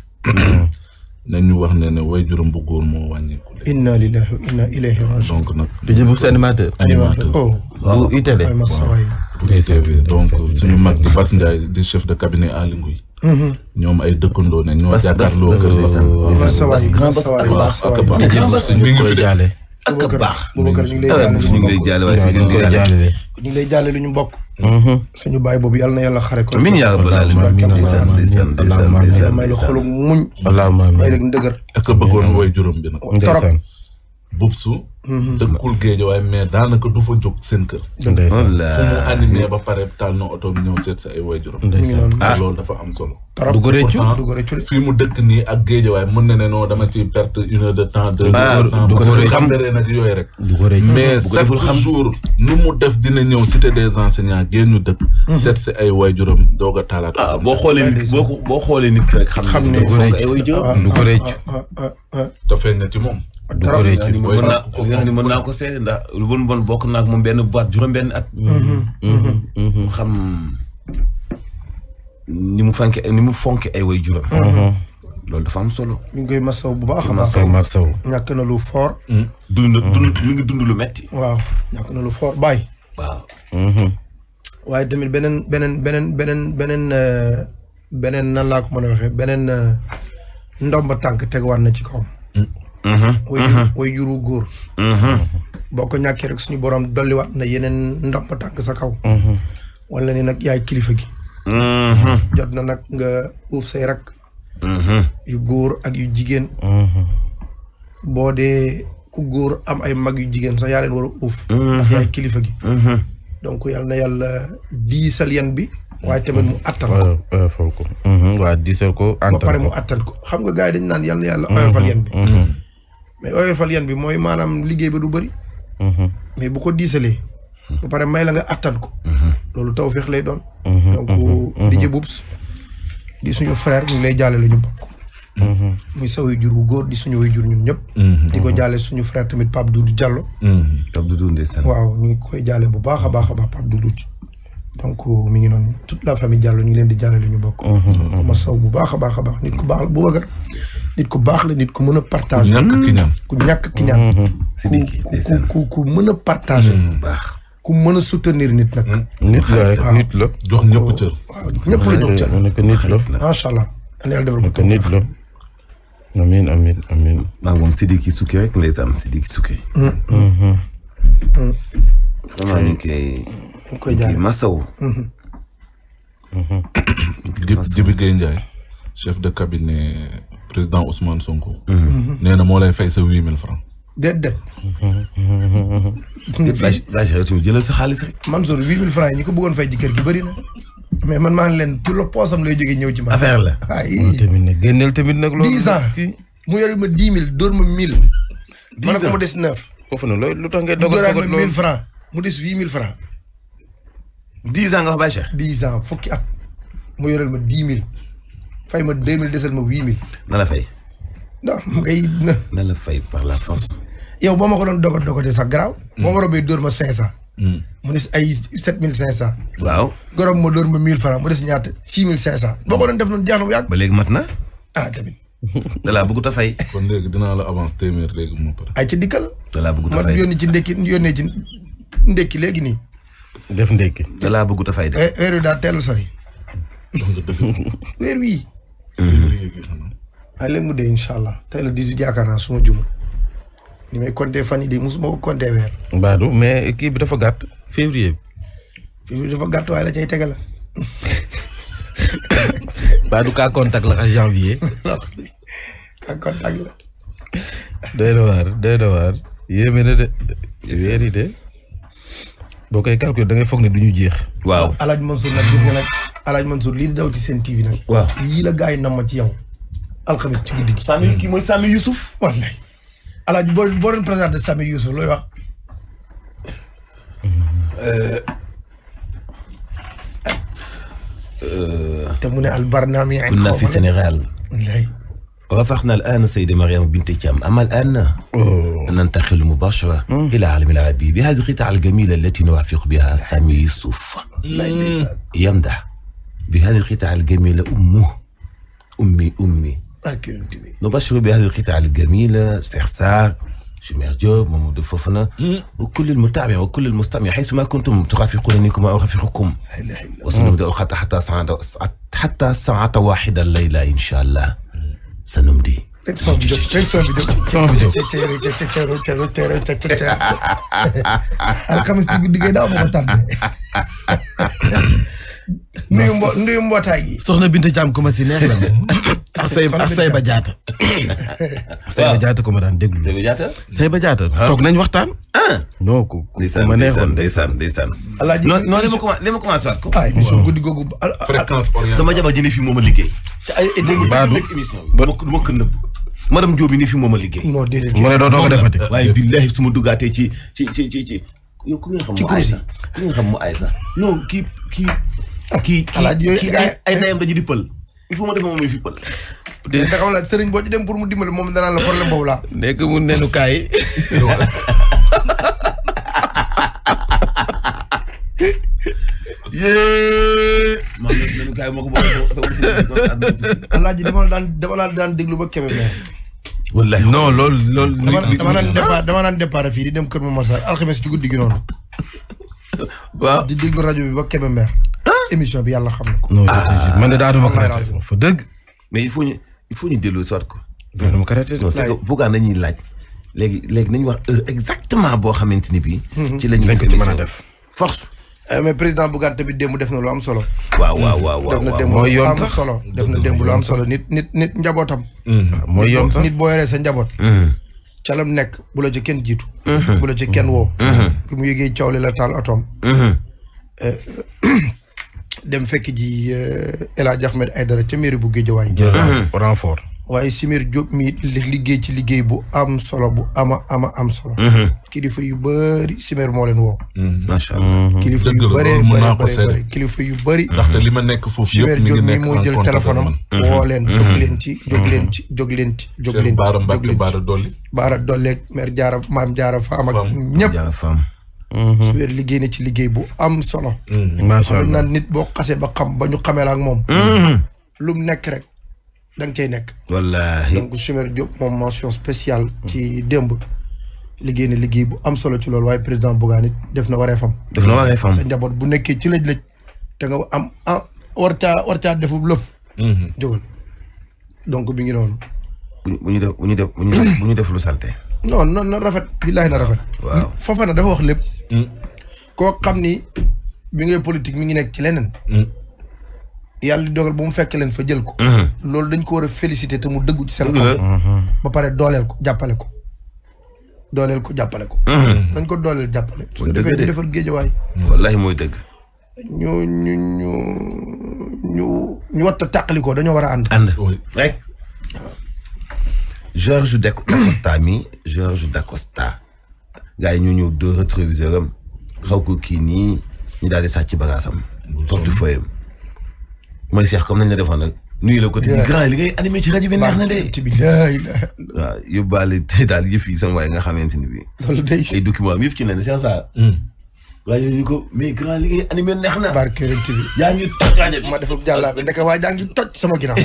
nañ ñu wax ne ne way juróom bu góor moo wàññeeku. inna lillahi wa inna ilayhi rajiun. donc nag di jee bopp si animateur. animateur oh. bu itale bu itale donc suñu mag di Bass Ndiaye di chef de cabinet Aly Ngouille. ñoom ay dëkkandoo ne ñoo. jàkkaarloo kër Bass Bass Bass Grand Bass ak Bass. mi ngi fi de ak a baax Boubacar ñu ngi lay ah, jaale waaye ñu ngi lay jaale ñu jaale lu bokk mhm. suñu baay boobu yàlla na yàlla xare ko min yaa rabbal alamin ndeysaan ndeysaan ndeysaan ndeysaan may la xolu muñ may la ndëgër ak a bëggoon way juróom bi nag bubsu. Mhm. dëkkul géej waaye mais daanaka du fa jóg seen kër. ndeysaan oh su mu animé ba pare taal na oto ñëw seet sa ay waajuram. ndeysaan ah. ah loolu dafa am solo. du ko fii mu dëkk nii ak géej waaye mën na ne non dama ci perte une de temps. deux ah, heures de temps du ko xam ne nag yooyu rek. du ko rëccu mais chaque jour nu mu def dina ñëw si cité des enseignants génnu dëkk. Mhm. seet si ay waajuram doog a taalaat. Ah, boo xoolee nit boo boo xoolee nit rek. xam ne du ko rëccu xam ne du ko rëccu. te feeñ ci moom du ko rëccu mën naa ko mën naa ko seede lu bon bon bokk naa ak moom benn baat juróom-benn at. Mm-hmm. Mm-hmm. Mm-hmm. mu xam ni mu fanke ni mu fonke ay way juróom. loolu dafa am solo. ñu ngi koy masaw bu baax a baax. masaw ñàkk na lu fort. dund dund mi ngi dund lu metti waaw ñàkk na lu fort bàyyi. waaw. waaye tamit beneen beneen beneen beneen beneen euh, beneen nan laako ma mën a waxee beneen euh, ndomba tànk teg teguwaat na ci kawam. Mm-hmm. Mm-hmm. way juru góor mm-hmm. boo ko rek suñu borom dolliwaat na yeneen ndomb tànk sa kaw wala ni nag yaay kilifa gi jot na nag nga uuf say rak yu góor ak yu jigéen boo dee ku góor am ay mag yu jigéen sax yaa leen war a uuf yaay kilifa gi donc yàlla na yàlla diisal yan bi waaye tamit mu attan ko foofu pare mu attan ko xam nga gars yi dañ naan yàlla na yan bi mais oyofal yan bi mooy maanaam liggéey ba du bëri. Mhm. mais bu ko diisalee. Mhm. ba pare may la nga attan ko. Mhm. loolu taw tawféex lay doon. donc DJ di suñu frère ñu lay jàlle la ñu bokk. muy sa jur wu góor di suñu way jur ñun ñëpp. di ko jàlle suñu frère tamit Pape Doudou Diallo. Pape Doudou ndeysaan. waaw ñu ngi koy jàlle bu baax a baax a baax Pape Doudou. donc euh, mi ngi noonu toute la famille jàll ñu ngi leen di jàllale ñu bokk. Mhm, mhm. ma saw bu baax a baax a baax nit ku baax la bu bagar nit ku baax la nit ku mën a partager. ku ñàkk ki ñaan mhm. ku ku mën a partager. baax ku mën a soutenir nit nag. nit la rek nit la. jox ñëpp cër. waaw ñëpp la jox cër. nekk nit la macha allah. nekk nit la. amiin amiin amiin. rek ndeysaan Sidiki Souké. Mm, mm. mm. vraiment ñu ngi ñu koy jaaree di masawu. Jibi mm-hmm. Gueye Ndiaye chef de cabinet président Ousmane Sonko. Mm-hmm. nee na moo lay fay sa huit mille francs. déedéet. déet flash flash yow jëlal sa xaalis rek. Mansour huit mille francs ñu ko bëggoon fay ci kër gi bëri na. mais man maa ngi leen ci lo poosam lay jógee ñëw ci ma. la ay tamit nag tamit nag. loolu dix ans mu yor ma mille dóor ma mille. dix ans ma ne ko mu des neuf. mille francs. dix ans nga wax Baye Cheikh. dix ans fukki at mu yoreel ma dix mille fay ma deux mille desel ma huit mille. na la fay. non ngay na. na la fay par la force. yow boo ma ko doon dogo dogo de sax garaaw. Mm. boo ma robee dóor ma cinq cent. Mm. mu des ay sept mille cinq cent. waaw. gorom ma dóor ma mille franc mu des ñaata six mille cinq cent. boo ko doon def noonu jaaxlu yàgg. ba léegi mat na. ah tamit. da laa bëgg ta fay. kon léegi dinaa la avance téeméer léegi ay ci dikkal. da laa bëgg ta fay ma yónni ci ndekki yónnee ci ndekki léegi nii. def ndékki. da laa bëgg dafay weer eh, wi daal teel sori. weer wi. allé mu dee incha allah tey la dix huit yaakaar naa su ni may compter fan yii di mosuma ko compter weer. Mbadou mais kii bi dafa gàtt février bi. dafa gàtt waaye la cay tege la. Mbadou kaa contact la ak janvier. kaa contact la. doy na waar doy de. weer de. boo koy calculer da ngay foog ne du ñu jeex. waaw alaaj Mansour nag gis nga nag alaaj Mansour lii daw ci seen TV nag. waaw yii la gars yi ci yow. alxamis ci guddi gi. Sami kii mooy Sami Youssouf. wallaay alaaj boo boo doon présenté Sami Youssouf looy wax. Euh, euh, te mu ne albarnaami. kunna fi Sénégal. wallaay. وافقنا الآن سيدة مريم بنت كام أما الآن ننتقل مباشرة إلى عالم العربي بهذه القطعة الجميلة التي نوافق بها سامي يوسف يمدح بهذه القطعة الجميلة أمه أمي أمي نبشر بهذه القطعة الجميلة سعسار شمير جوب محمود فوفنا وكل المتابع وكل المستمع حيثما كنتم ترافقونني كما أرافقكم وسنبدأ الخط حتى ساعة حتى الساعة واحدة الليلة إن شاء الله Sanumdi. rek son bi jóg rek son bi jóg. son bi jóg teru teru teru teru alxames ci guddi gi daaw ma ko tardé. nuyu mbo mbootaay gi. soxna Binta Thiam ku ma si neex la moom. ak say ba jaata Diatta. waaw Seyba Diatta ku ma daan déglu. Seyba Diatta. Seyba Diatta ah. toog nañ waxtaan. ah non ku ku ma neexoon ndeysaan ndeysaan alaaji non non li ma commencé li ma ah, guddi googu. Ah, sama jabar ji ne fii moo a liggéey. te ay baadu ba du ma ko nëbb. madame Diop bi ne fii moo ma liggéey. noo déedéet mu ne doo doo ko defati. waaye billahi su ma duggaatee ci ci ci ci. yow ku ngeen xam mu aysa ku ngeen xam mu aysa non kii kii ki kii ay ndeyam dañu di pël il faut ma def moom muy pël. déedéet taxaw la sëriñ boo ci dem pour mu dimbali moom danaan la problème boobu laa. nekk mu nenu kaay. yee. maa ngi leen kaay moo ko bokk alaaji dama daan dama la daan déglu ba Kébé wallaahi non dama naan départ fii di dem Kër Momar Sarr alxames ci guddi noonu. waaw di rajo bi ba Kébé ah! émission bi yàlla xam na ko. non ah, man de daal du ma ko raté dëgg. il faut ñu il faut ñu dellu soit ko. du ma ko laaj. léegi léegi nañu wax heure exactement boo xamante ni bii. Mhm. ci la ñuy def mën a def force. Eh, mais président Bougane tamit démb def na lu am solo. waaw waaw waaw waaw def na démb solo def na dem démb lu am solo nit nit nit njabootam. Mhm. mooy yoon sax nit boo yoree sa njaboot. Mhm. calam nekk bu la ci kenn jiitu. bu la ci woo. bi mu yëgee coow la taal otoom. Eh, eh, dem fekk ji euh, El Hadj Ahmed Aidara ca mairie bu Guédiawaye. renfort. waaye Simir Diop mi liggéey ci liggéey bu am solo bu ama ama am solo. Mhm. kilifa yu bëri Simir moo leen woo. Mhm. macha allah mhm. kilifa yu bëree bëri bëri kilifa yu bëri. ndaxte li ma nekk foofu yëpp mi moo jël téléphone am. woo leen jóg leen ci jóg leen ci jóg leen ci. jóg leen ci Baara Mbacke Baara Dolli. Baara Dolli ak mère Diarra maam Diarra Fam ak ñëpp. Mm-hmm. suweer liggéey na ci liggéey bu am solo. Mm-hmm. macha allah nit boo xasee ba xam ba ñu xamee la moom. Mm-hmm. lu mu nekk rek dang nga cay nekk. wallaahi donc Chimère Diop moom mention spéciale. ci démb. liggéey na liggéey bu am solo ci loolu waaye président Bougane nit def na waree fam. def na waree fam sa njaboot bu nekkee ci lëj-lëj. te nga am ah war caa war caa defu lëf. jógal donc bi ngi noonu. bu def bu ñu def bu ñu def lu salte. non non na rafet billaahi na rafet. foofa na dafa wax lépp. Hmm. koo xam ni bi ngay politique mu ngi nekk ci leneen. Hmm. yàlla di dogal ba mu fekk leen fa jël ko. Hmm. loolu dañ ko war a félicité te mu dëggu ci seen xam ba pare dooleel ko jàppale ko. dooleel ko jàppale ko. nañ ko dooleel jàppale. su defee di defar géejawaay. wallaahi mooy dëgg. ñu ñu ñu ñu ñu watta tàqali ko dañoo war a ànd. ànd rek. Georges Dacosta mi Georges Dacosta gars yi ñu ñëw doo rétroviseur am xaw kii nii ñu daal di sàcc bagage am. portefeuille am. mooy seex comme nañ la defoon nag. nuyu la ko te ci rajo bi neex na de. waaw yóbbaale te daal yëf yi sama waay nga xamante ni bii. loolu day ay document yëf ci ne ne waaye yooyu ko mais grand li neex na. barke rent bi yaa ngi toj yaa ngi. ma def ak jàllale waa jaa ngi toj sama ginnaaw.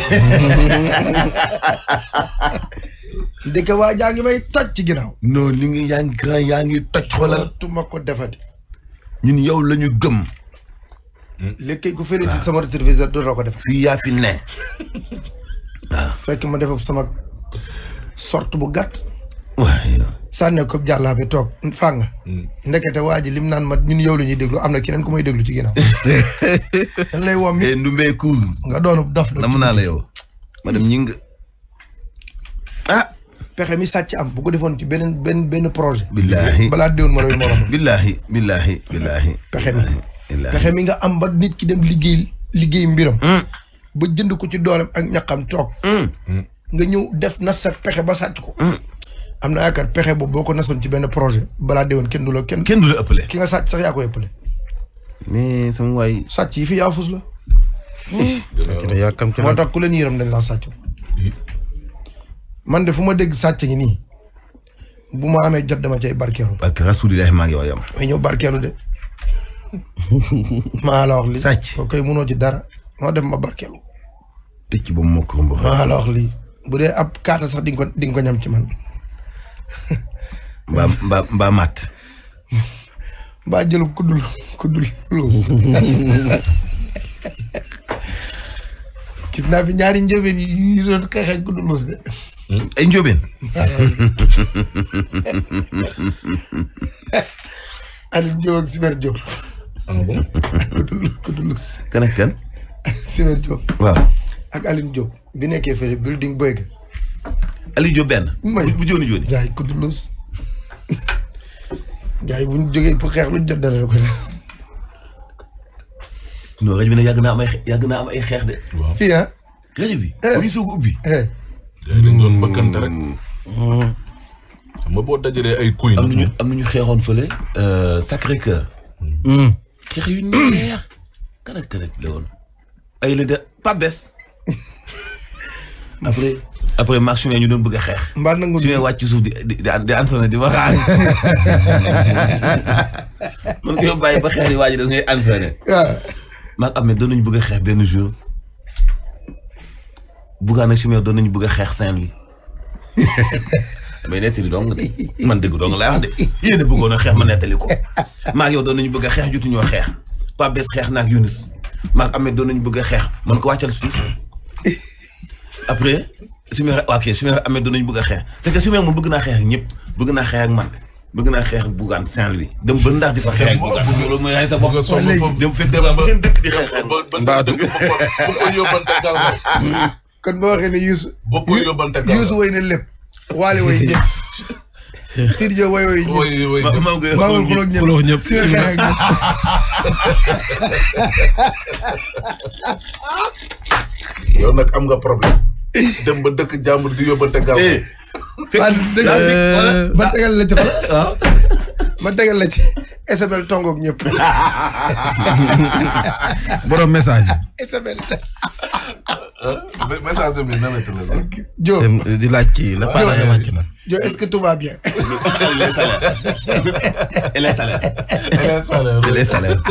ndeke waa jaa ngi may toj ci ginnaaw. non li ngi yaa ngi grand yaa ngi toj xoolal. tuma ko defati. ñun yow lañu gëm. Hmm? lekkee ku fële sama rétroviseur dootoo ko defati. fii yaa fi ne. fekk ma def sama sorte bu gat sànne ko jàllaa bi toog fàng hmm. ndekete waa ji lim naan ma ñun yow la ñuy déglu am na keneen ku may déglu ci ginnaaw dañ lay wom mi eh, ndumbee kuus nga doonu dof la mun naa la yow madame ñi a ah pexe mi sàcc am bu ko defoon ci beneen benn benn projet billaahi balaa déwén ma la morom billaahi billaahi billaahi pexe mi nga am ba nit ki dem liggéey liggéey mbiram hmm. ba jënd ko ci doolem a ñaqam toog hmm. nga ñëw def na sa pexe ba sàcc ko am na yaakaar pexe boobu boo ko nasoon ci benn projet balaa déwén kenn du kenn. kenn du la ëppale. ki nga sàcc sax yaa ko ëppale. mais sama waay. yi fi yaa fus la. moo tax ku leen yërëm dañ laa sàcc. man de fu ma dégg sàcc ngi nii bu ma amee jot dama cay barkeelu. parce maa ngi waay am. mais ñëw barkeelu de maa la wax lii. sàcc kooku koy ci dara noo def ma barkeelu. tëj ci ba mu bu dee ab kaata sax di ko di nga ko ñam ci man. mbaa mbaa mbaa matt. mbaa jëlub kuddul kuddul loos. gis naa fi ñaari njóobeen yu doon xeexee kuddul loos de. ay njóobeen. Aliou Diop ak Siber Diop. ah bon. kuddul kuddul waaw. ak Aliou Diop. bi nekkee fële building boy ga Aliou Diop benn. bu bu jooni jooni. gars yi kudulus gars bu ñu jógee pour xeex lu jot dara ko def. non rajo bi nag yàgg naa am ay yàgg naa am ay xeex de. waaw ah? eh. a ubbi. Eh. Hmm. nga boo dajalee ay kuy. am nañu ñu nañu xeexoon fële. Euh, Sacré Cœur. Hmm. Hmm. xeex yu neex. kan ak kan la woon. ay la de Pabes. après maag su ñu doon bëgg a xeex. mbaa nangu su ñu wàcc suuf di di di entraîné di ma xaar. man ko bàyyi ba xeex yi waa ji da ngay entraîné. waaw ah. maag doon nañu bëgg a xeex benn jour. Bougane ak Chimère doon nañu bëgg a xeex Saint-Louis. mais nettali man dëgg dong laa wax bëggoon a xeex ma nettali ko maag doon nañu bëgg a xeex jotuñoo xeex Pape Bes xeex naag Younis maag Ahmed doon nañu bëgg a xeex man ko wàccal suuf après. Soumaire ok Soumaire Ahmed danañ bëgg a xeex c'est que Soumaire moom bëgg naa xeex ak ñëpp bëgg naa xeex ak man bëgg naa xeex ak Bougane Saint-Louis dem ba ndax di fa xeex ak Bougane loolu mooy ay sa bopp soo dem fekk seen dëkk di xeex ak mbaa dëgg kon boo waxee ne Youssou Youssou woy na lépp waale woy ñëpp Sidi Diop woy woy ñëpp maa ngi xuloog ñëpp si xeex ak ñëpp yow nag am nga problème dem ba dëkk jàmbur di yóbbante gàmm. fekk ba tegal la ci xol waaw ma tegal la ci SML tongoog ñëpp. borom message. SML. message bi na la jo di laaj kii la Paa la wàcc na. jo est-ce que tout va bien. il est salaire. il est salaire.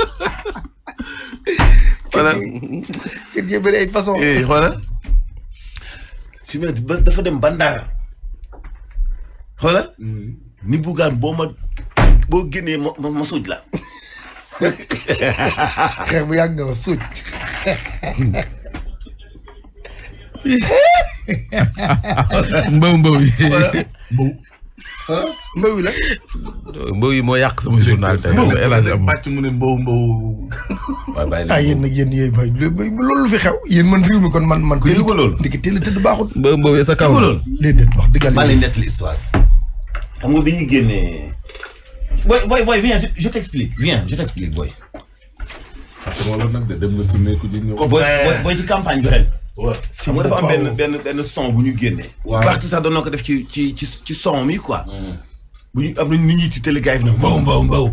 kër gi bëri ay façon. Chimette ba dafa dem ba Ndar xoolal. Mm-hmm. ni bugaan boo ma boo génnee ma suuj la. xeex bu yàgg nga suuj. mbaw mbaw yi. mbaw yi la. mbaw yi moo yàq sama journal tey. El Hadj am pàcc mu ne mbaw mbaw. waaw bàyyi ah, loolu fi xew yéen man fi mi kon man man. yëgu ko loolu ndiki teel a tëdd baaxut. mbaw sa kaw la loolu. déedéet wax dëgg yàlla. maa ngi lay nettali histoire bi. xam nga bi ñuy génnee. booy booy booy viens je t'explique viens je que wala nag de dem nga si ci campagne bi waaw xam nga dafa am benn benn benn son bu ñu génnee. waaw parti sax doon na ko def ci ci ci ci son mi quoi. Mm. bu ñu am nañu nit ñi ci télé gars yi mbaw mbaw mbaw.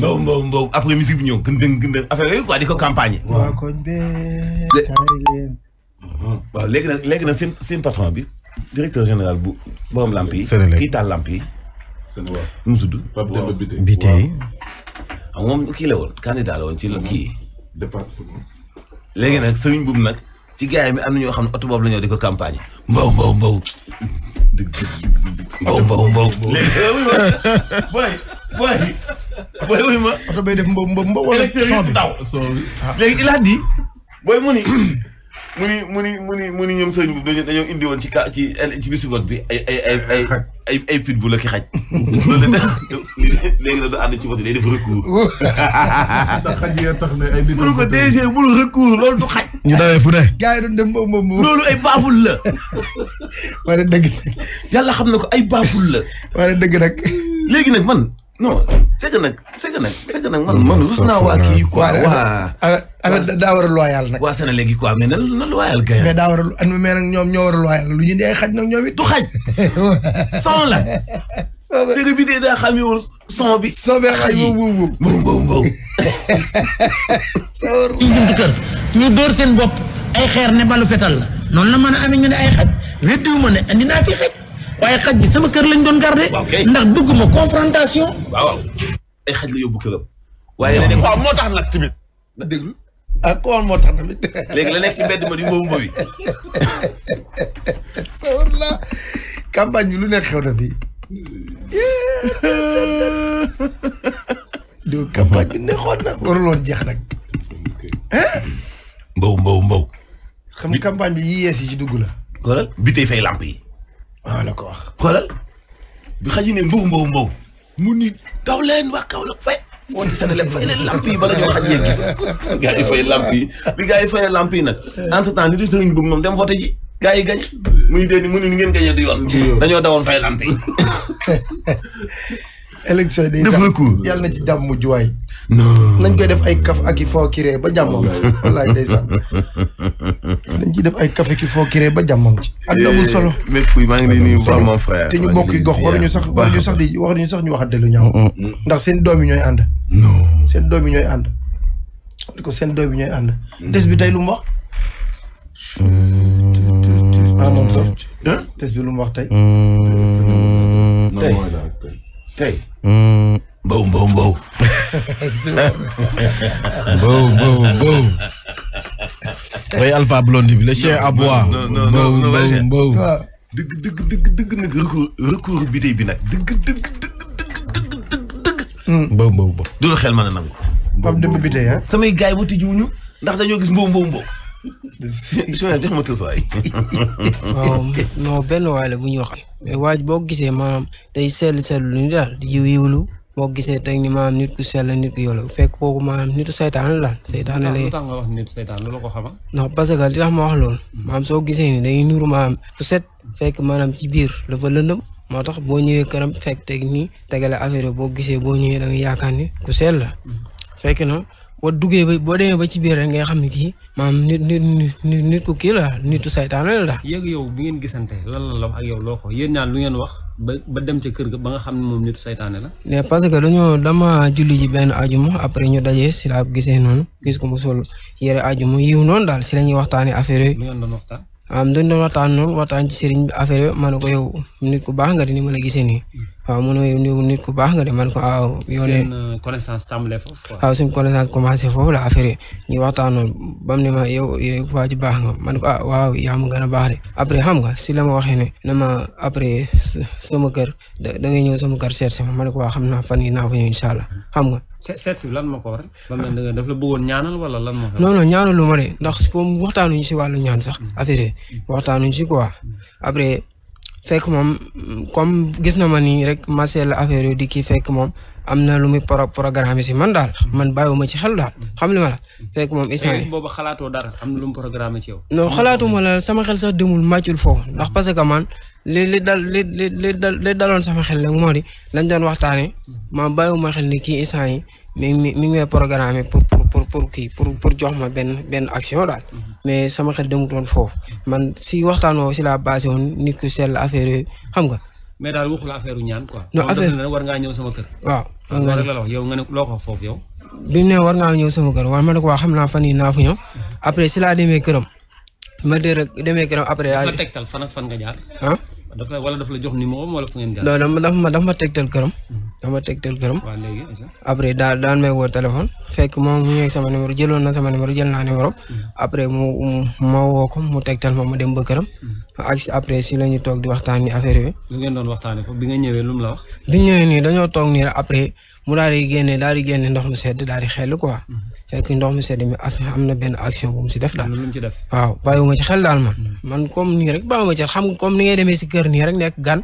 mbaw mbaw mbaw après musique bi ñëw gën dën gën dën affaire yooyu quoi di ko campagne. waaw koñ bee. Mm-hmm. waaw léegi nag léegi nag seen seen patron bi directeur général bu borom lamp yi. Sénélec kii taal lamp yi. Sénégal nu mu tudd. Pape Demba Biteye ah, moom kii la woon candidat la woon ci mm-hmm. kii. département. léegi nag sëriñ boobu nag. ci gars mi am na ñoo xam ne oto boobu la ñëw di ko campagne mbaw mbaw mbaw. mbaw mbaw mbaw. léegi booy wuy ma. oto bay def mbaw bi ah. léegi a mu ni mu ni mu ni dañoo indi woon ci ka ci ci bisu vote bi ay ay ay ay ay ay pitbull ak xaj. loolu léegi nag du ci vote day def recours. ndax xaj yee tax ne ay. bi ko DG bul recours ñu dawee fu ne. gars yi doon dem moom moom loolu ay baaful la. wala dëgg yàlla xam na ko ay baaful la. wala dëgg nag. léegi nag man. non c'est que nag c'est que nag c'est que nag man man rus naa waa kii quoi waa. avec daa war a loyal nag. waa Sénégal gi quoi mais na na loyal gay. mais daa war a mais nag ñoom ñoo war a loyal lu ñu dee xaj nag ñoom it du xaj. son la. soo bi dee daa xamewul son bi. soo bee xaj yi wow wow wow wow. ñu jumtu kër ñu dóor seen bopp ay xeer ne balu fetal la noonu la mën a amee ñu ne ay xaj weddiwu ma ne andi naa fi xaj. waaye xaj yi sama kër lañ doon garder. ndax bëgguma confrontation. waaw ay xaj la yóbbu këram. waaye leneen waaw moo tax nag tamit na déglu. ah koo moo tax tamit. léegi la nekk ci mbedd ma di moomu mooy. sawar la campagne bi lu nekk xew na fii. do campagne bi nekkoon na waruloon jeex nag. mbow mbow mbow. xam campagne bi yi yees yi ci dugg la. bi tey fay lamp yi. waaw ah, la ko wax xoolal bi xaju ne mbow mbow mbow mu ni daw leen waa Kaolack fay wonte seen lépp fay leen lamp yi bala ñoo xaj yee gis gars fay lamp yi bi gars yi fayee lamp yi nag entre temps ni di sëriñ bëgg moom dem vote ji gars yi gañ muy dee ni mu ni ni ngeen gañee du yoon dañoo dawoon fay lamp élection yi def recours yàlla na ci jàmm juwaay nañ koy def ay kaf ak i foo kiree ba jàmmam ci. de ndeysaan nañ ciy def ay kaf ak i foo kiree ba jàmmam ci. at amul eh, solo. lépp maa ngi lay nuyu te ñu bokk yi gox waruñu sax waruñu sax di ñu sax ñu waxante lu ñaaw. ndax seen doom yi ñooy ànd. seen doom yi ñooy ànd. di ko seen doom ñooy ànd. des bi tey lu mu wax. ah moom sax. des lu wax tey. tey. Mbow mbow mbow. mbow mbow mbow. mooy Alpha Blondy bi le chien aboie. non non non mbow mbow. dëgg dëgg dëgg dëgg nag recours recours bi tey bi nag dëgg dëgg dëgg dëgg dëgg dëgg. mbow mbow mbow. du la xel mën a nangu. Pape Demba bi tey ah. samay gaay bu tijjuwuñu ndax dañoo gis mbow mbow mbow. mais waaj boo gisee maanaam day sell sellu ni daal di yiw lu boo gisee tey ni maanaam nit ku sell nit ku yolo fekk kooku maanaam nitu saytaan la saytaan la lu tax nga wax nit saytaan ko xamal non parce que li tax ma wax loolu hmm. soo gisee ni day nuru maanaam fu set fekk maanaam ci biir dafa lëndëm moo tax boo ñëwee këram fekk teg nii tegale affaire boo gisee boo ñëwee da nga yaakaar ni ku sell la hmm. fekk na boo dugge ba boo demee ba ci biir rek nga xam ne kii maanaam nit nit nit nit ku kii la nitu saytaane la daal. yéeg yow bi ngeen gisantee lan la la wax ak yow loo ko yéen ñaan lu ngeen wax ba ba dem ca kër ga ba nga xam ne moom nitu saytaane la. mais parce que dañoo dama julli ji benn ajuma après ñu dajee si laa gisee noonu gis ko mu sol yére ajuma yiw noonu daal si la ñuy waxtaanee affaire yooyu. lu ngeen doon waxtaan. am dañ doon waxtaan noonu waxtaan ci sëriñ affaire ma ne ko yow nit ku baax nga di ni ma la gisee nii. Hmm. waaw mu ne nit ku baax nga de man ko waaw. yow de seen euh, connaissance tàmbalee foofu waaw suñ connaissance ba mu ne ma yow waa ji nga man ko ah, waaw yaa gën a baax de après xam nga si la ma waxee ne na ma après sama kër da da ngay ñëw sama kër seet si ma man ko waa xam naa fan yii naa fa ñëw incha allah xam nga. seet si lan moo ko waral. ba mel ne la bëggoon ñaanal wala lan moo ko. non non ñaanalu de ndax comme waxtaanuñu si wàllu ñaan sax. Mm. affaire yi waxtaanuñu si quoi mm. après. fekk moom comme gis na ma nii rek marché la affaire yu di kii fekk moom am na lu muy pro programme si man daal man bàyyiwuma ci xel daal xam li ma la fekk moom instant eh, yi boobu xalaatoo dara am na lu programme ci yow. non xalaatuma la sama xel sax demul màccul foofu ndax parce que man li li dal li daloon sama xel la moo di lañ doon waxtaanee ma bàyyiwuma xel ni kii instant yi mi ngi mi ngi may programme pour pour pour kii pour pour jox ma benn benn action daal mais sama xel demutoon foofu man si waxtaan woo si la baase woon nit ku sell affaire yooyu xam nga. mais daal waxul affaire ñaan quoi. non affaire ne war ngaa ñëw sama kër. waaw yow nga ne loo ko foofu yow. bi mu ne war ngaa ñëw sama kër waaye ma ne ko waa xam naa fan yii naa fa ñëw après si laa demee këram ma dee rek demee këram après. la di tegtal fan ak fan nga jaar. dafa wala dafa la jox numéro wala fu ngeen jaar. non dafa ma dafa ma tegtal këram. Mhm. dafa ma tegtal këram. waaw léegi. après daan daan may woo téléphone fekk moom mu ñëwee sama numéro jëloon na sama numéro jël naa numéro. Mhm. après mu ma woo ko mu tegtal ma ma dem ba këram. Mhm. ak après si la ñu toog di waxtaan ni affaire yooyu. lu ngeen doon waxtaanee bi nga ñëwee lu mu la wax. bi ñëwee nii dañoo toog nii après. mu daal di génne daal di génne ndox mu sedd daal di xel quoi mhm. fekk ndox mu sedd mi am na benn action bu mu si def daal waaw bàyyiwuma ci xel daal man mhm. man comme nii rek bàyyiwuma ci xam comme ni ngay demee si kër nii rek nekk gan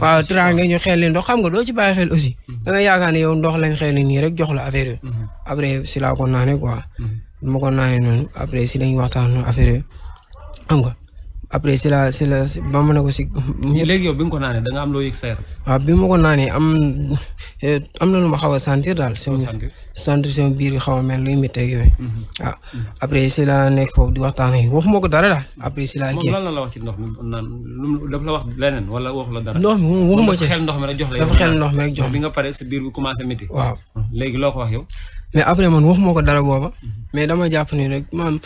waaw teraange ñu xel li ndox xam nga doo ci bàyyi xel aussi mhm. da nga ne yow ndox lañ xel nii rek jox la affaire yi après si laa ko naane quoi ma ko naane noonu après si la lañ waxtaan affaire yi xam nga après si la si la ba ma ne ko si. léegi yow bi nga ko naanee da nga am loo yëg sa yaram. waaw bi ma ko naanee am eh, am na lu ma xaw a sentir daal. sama sentir sama biir xaw a mel luy métti ak yooyu. waaw mhm. ah, mhm. après si la nekk foofu di ko dara daal après lan la la wax ci ndox mi naan lu dafa la wax leneen wala wax la dara. ndox mi waxuma ci xel ndox mi rek jox la. dafa xel ndox mi rek jox bi nga pare sa biir bi commencé métti. waaw léegi loo ko wax yow. mais après man waxuma ko dara booba mais dama jàpp ni rek maam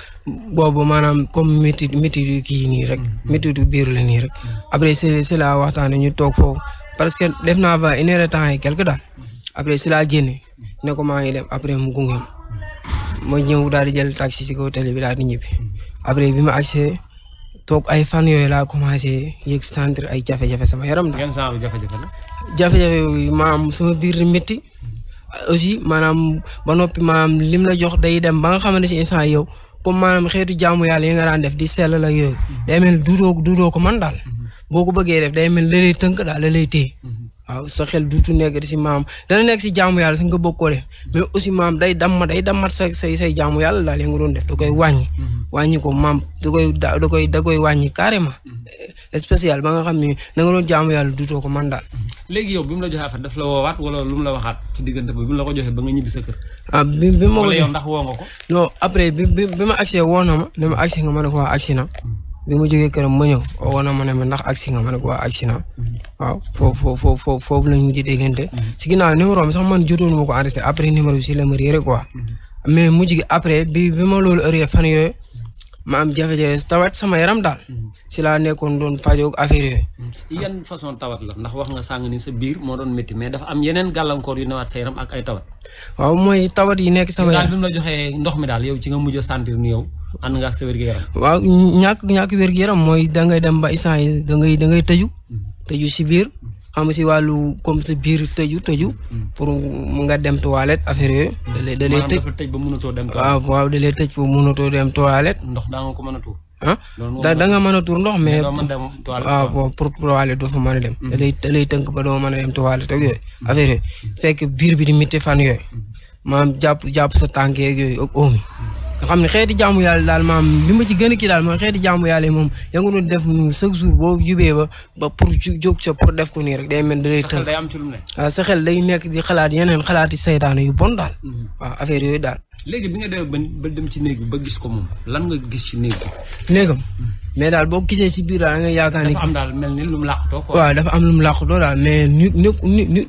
boobu maanaam comme métti métti kii nii rek métti du biir la nii rek après si la laa waxtaanee ñu toog parce que def naa fa une heure de temps et quelque daal après si laa génne ne ko maa ngi dem après mu gungeem ma ñëw daal di jël taxi si kaw télé bi daal di ñibbi après bi ma accès toog ay fan yooyu laa commencé yëg centre ay jafe-jafe sama yaram daal. jafe-jafe yooyu maam sama aussi maanaam ba noppi maanaam lim la jox day dem ba nga xamante si instant yow comme maanaam xeetu jaamu yàlla yi nga daan def di sell la yooyu mhm. day mel duutoo ko duutoo ko man daal mhm. boo ko bëggee def day mel la lay tënk daal la lay téye mhm. waaw sa xel duutu nekk si maam dana nekk si jaamu yàlla si nga bëgg koo def mais aussi maam day damma day dammat sa say say jaamu yàlla daal yi nga doon def da koy wàññi maam da koy da koy spécial ba nga xam ni na nga doon jaamu yàlla dutoo ko man daal. léegi yow bi mu la joxee affaire daf la woowaat wala lu la waxaat ci diggante bi la ko joxee ba nga ñibbi sa ah bi ma ko joxee ndax woo nga ko. non après bi bi bi ma agsee woo na ma ne ma agsi nga ma ko waa agsi na. bi ma jógee këram ma ñëw woo na ma ne ma déggante. ci ginnaaw numéro am sax man jotoon ko enregistré après numéro si la ma réeré quoi. mais mujj gi bi bi ma loolu ma am jafe-jafe tawat sama yaram daal. Mhm. si laa nekkoon doon fajoo affaire yooyu. Mhm. yan façon tawat la ndax wax nga sàng ni sa biir moo doon métti mais dafa am yeneen gàllankoor yu newaat sa yaram ak ay tawat. waaw mooy tawat yi nekk sama. yaram daal bi la joxee ndox mi daal yow ci nga mujj a sentir ànd nga ak sa wér-gu-yaram. waaw ñàkk ñàkk wér yaram mooy da ngay dem ba isaan dangay da ngay da ngay tëju. Mhm. tëju si biir. xam si wàllu comme sa biir tëju tëju. Mm. pour mu nga dem toilette affaire yooyu. Mm. da lay da tëj ba mënatoo dem. waaw waaw da dem toilette. ndox daa nga ko mën a ah? da nga mën a tuur ndox mais. waaw bon pour toilette doo fa mën a dem. Mm. da lay tënk ba doo mën a dem toilette ak yooyu. affaire yooyu fekk biir bi di métti fan yooyu. maanaam jàpp jàpp sa tànk yeeg yooyu ak nga xam ne xeeti jaamu yàlla daal maam li ma ci gën a kii daal mooy xeeti jaamu yàlla moom yaa ngi doon def nu chaque boo jubee ba ba pour jóg sa ko nii rek day mel da lay tënk waaw sa xel day nekk di xalaat yeneen xalaati saytaane yu bon daal mm-hmm. waaw affaire yooyu daal léegi bi nga demee ba dem ci néeg bi ba gis ko moom lan nga gis ci néeg bi néegam mm-hmm. mais daal boo gisee si biir daal nga yaakaar ni. dafa am daal mel ni lu mu làqatoo quoi. waaw am lu mu làqatoo daal mais nit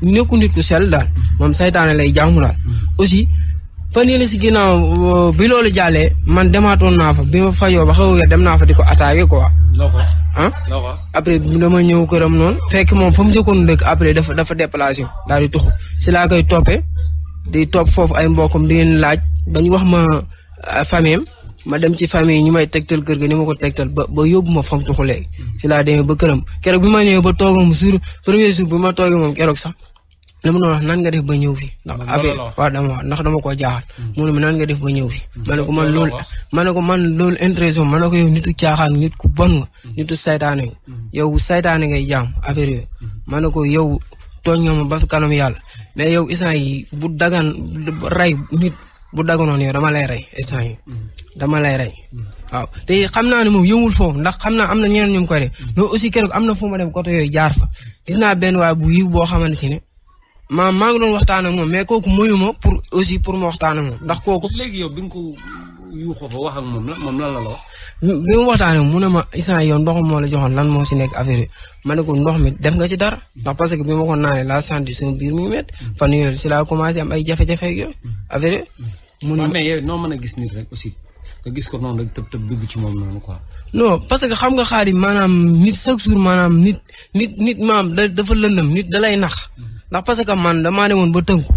nit nit ku sel daal mm-hmm. moom saytaane lay jaamu daal aussi fan yii la si ginnaaw euh, bi loolu jàllee man demaatoon naa fa bi ma fayoo ba xaw dem naa fa di ko attaqué quoi. ah. après dama ñëw këram noonu. fekk moom fa mu jëkkoon dëkk après dafa dafa déplacé daal di tuxu laa koy toppee di topp foofu ay mbokkam di leen laaj ba wax ma euh, famille ma dem ci famille ñu may tegtal kër ga ni ma ko tegtal ba ba yóbbu ma fa mu tuxu léegi. si laa demee ba këram keroog ma ñëwee ba toog moom jour premier jour bi ma toogee moom keroog sax la mu ne nan nga def ba ñëw fi ndax affaire dama wax ndax dama koo jaaxal. Hmm. mu ne ma nan nga def ba hmm. ma ne ko man loolu ma ne ko man loolu intéressant ma ne ko yow nitu caaxaan nit ku bon nga. Hmm. nitu saytaane nga. yow saytaane ngay jaam affaire yooyu. ma ne ko yow tooñ nga ma ba fi yàlla mais yow instant yi bu dagan rey nit bu daganoon yow dama lay rey instant yi dama lay ray waaw te xam naa ne moom yëngul foofu ndax xam naa am na ñeneen ñu koy def. aussi keroog am na fu ma dem côté yooyu jaar fa gis naa benn waay bu yiw boo xamante ne. maam maa ngi doon waxtaan ak moom mais kooku muyu ma pour aussi pour ma waxtaan ak moom ndax kooku. léegi yow bi nga ko yuuxoo fa wax ak moom la moom la la wax. bi mu waxtaanee ma instant yow ndox moo la joxoon lan moo si nekk affaire yi ma ne ko ndox nga ci dara a parce que bi ma ko naanee laa santi sama biir laa commencé ay jafe-jafe ak yooyu affaire noo mën a gis nit rek aussi nga gis ko noonu rek tëb tëb dugg ci moom noonu ko non parce que xam nga xaar yi maanaam nit chaque jour maanaam nit nit nit maam dafa lëndëm nit dalay nax. ndax parce que man damaa ne woon ba tënku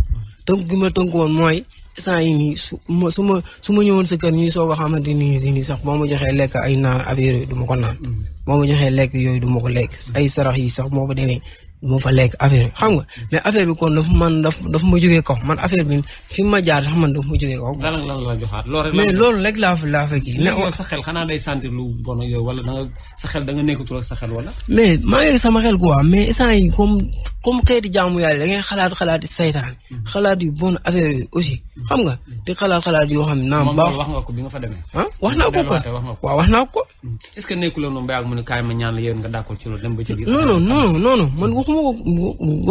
tënku gi ma tënku woon mooy sant yi nii su ma su ma su ma ñëwoon sa kër ñuy soog a xamante ni si sax boo ma joxee lekk ay naan affaire du ma ko naan. Mm-hmm. boo ma joxee lekk yooyu du ma ko lekk mm-hmm. ay sarax yi sax moo fa demee du ma fa lekk affaire yi xam nga mm-hmm. mais affaire bi kon dafa man daf dafa ma jógee kaw man affaire bi fi ma jaar sax man dafa ma jógee kaw. lan lan la joxaat loolu rek mais loolu rek laa fa laa sa xel xanaa day sentir lu bon ak yooyu wala da nga xel da nga nekkatul ak sa xel wala. mais maa ngi sama xel quoi mais sant comme xeeti jaamu yàlla da ngay xalaat xalaati saytaan mm-hmm. xalaat yu bon affaire yooyu aussi xam nga di xalaat xalaat yoo xam ne naam baax wax nga ko bi nga fa demee ah wax naa ko quoi waaw wax naa ko mm-hmm. est-ce que nekkul noonu ba yàgg mu ne kaay ma ñaan la yéen nga d'accord ci loolu dem ba ci biir man waxuma ko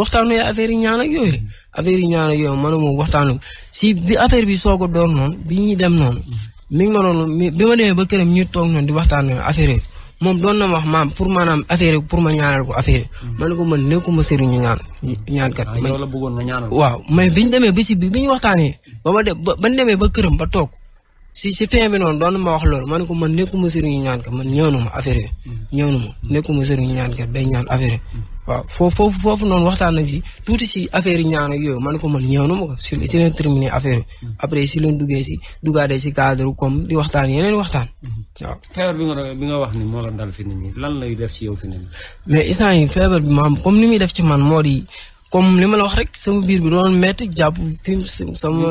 waxtaanu affaire yi ñaan ak yooyu mm-hmm. affaire yi ñaan ak yooyu man moom waxtaanu si bi affaire bi soog a door noonu bi ñuy dem noonu mi ngi ma noonu bi ma demee ba këram ñu toog noonu di waxtaan affaire yi moom doon na ma wax maam pour maanaam affaire pour ma ñaanal ko affaire man ne ko man nekkuma sëriñu ñaan ñaan kat. waaw ah, la bëggoon nga biñ demee ba si bi ñu waxtaanee ba ma de ba bañ demee ba këram ba toog si si fin bi noonu doon na ma wax loolu ma ne ko man nekkuma sëriñu ñaan kat man ñaanu ma affaire yi. Mm. ñaanu ma nekkuma sëriñu ñaan kat day ñaan affaire waaw foofu foofu foofu noonu waxtaan nañ ci tuuti si affaire yi ñaan ak yooyu man ko man ñëw na ma ko si leen terminé affaire mm-hmm. après si leen duggee si duggaatee si cadre comme di waxtaan yeneen waxtaan. Mm-hmm. waaw feebar bi nga bi wax ni moo la dal fi nit ñi lan lay def ci yow fi nit ñi mais instant yi feebar bi maam comme ni muy def ci man moo di comme li ma wax rek sama biir bi doon metti jàpp fi sama.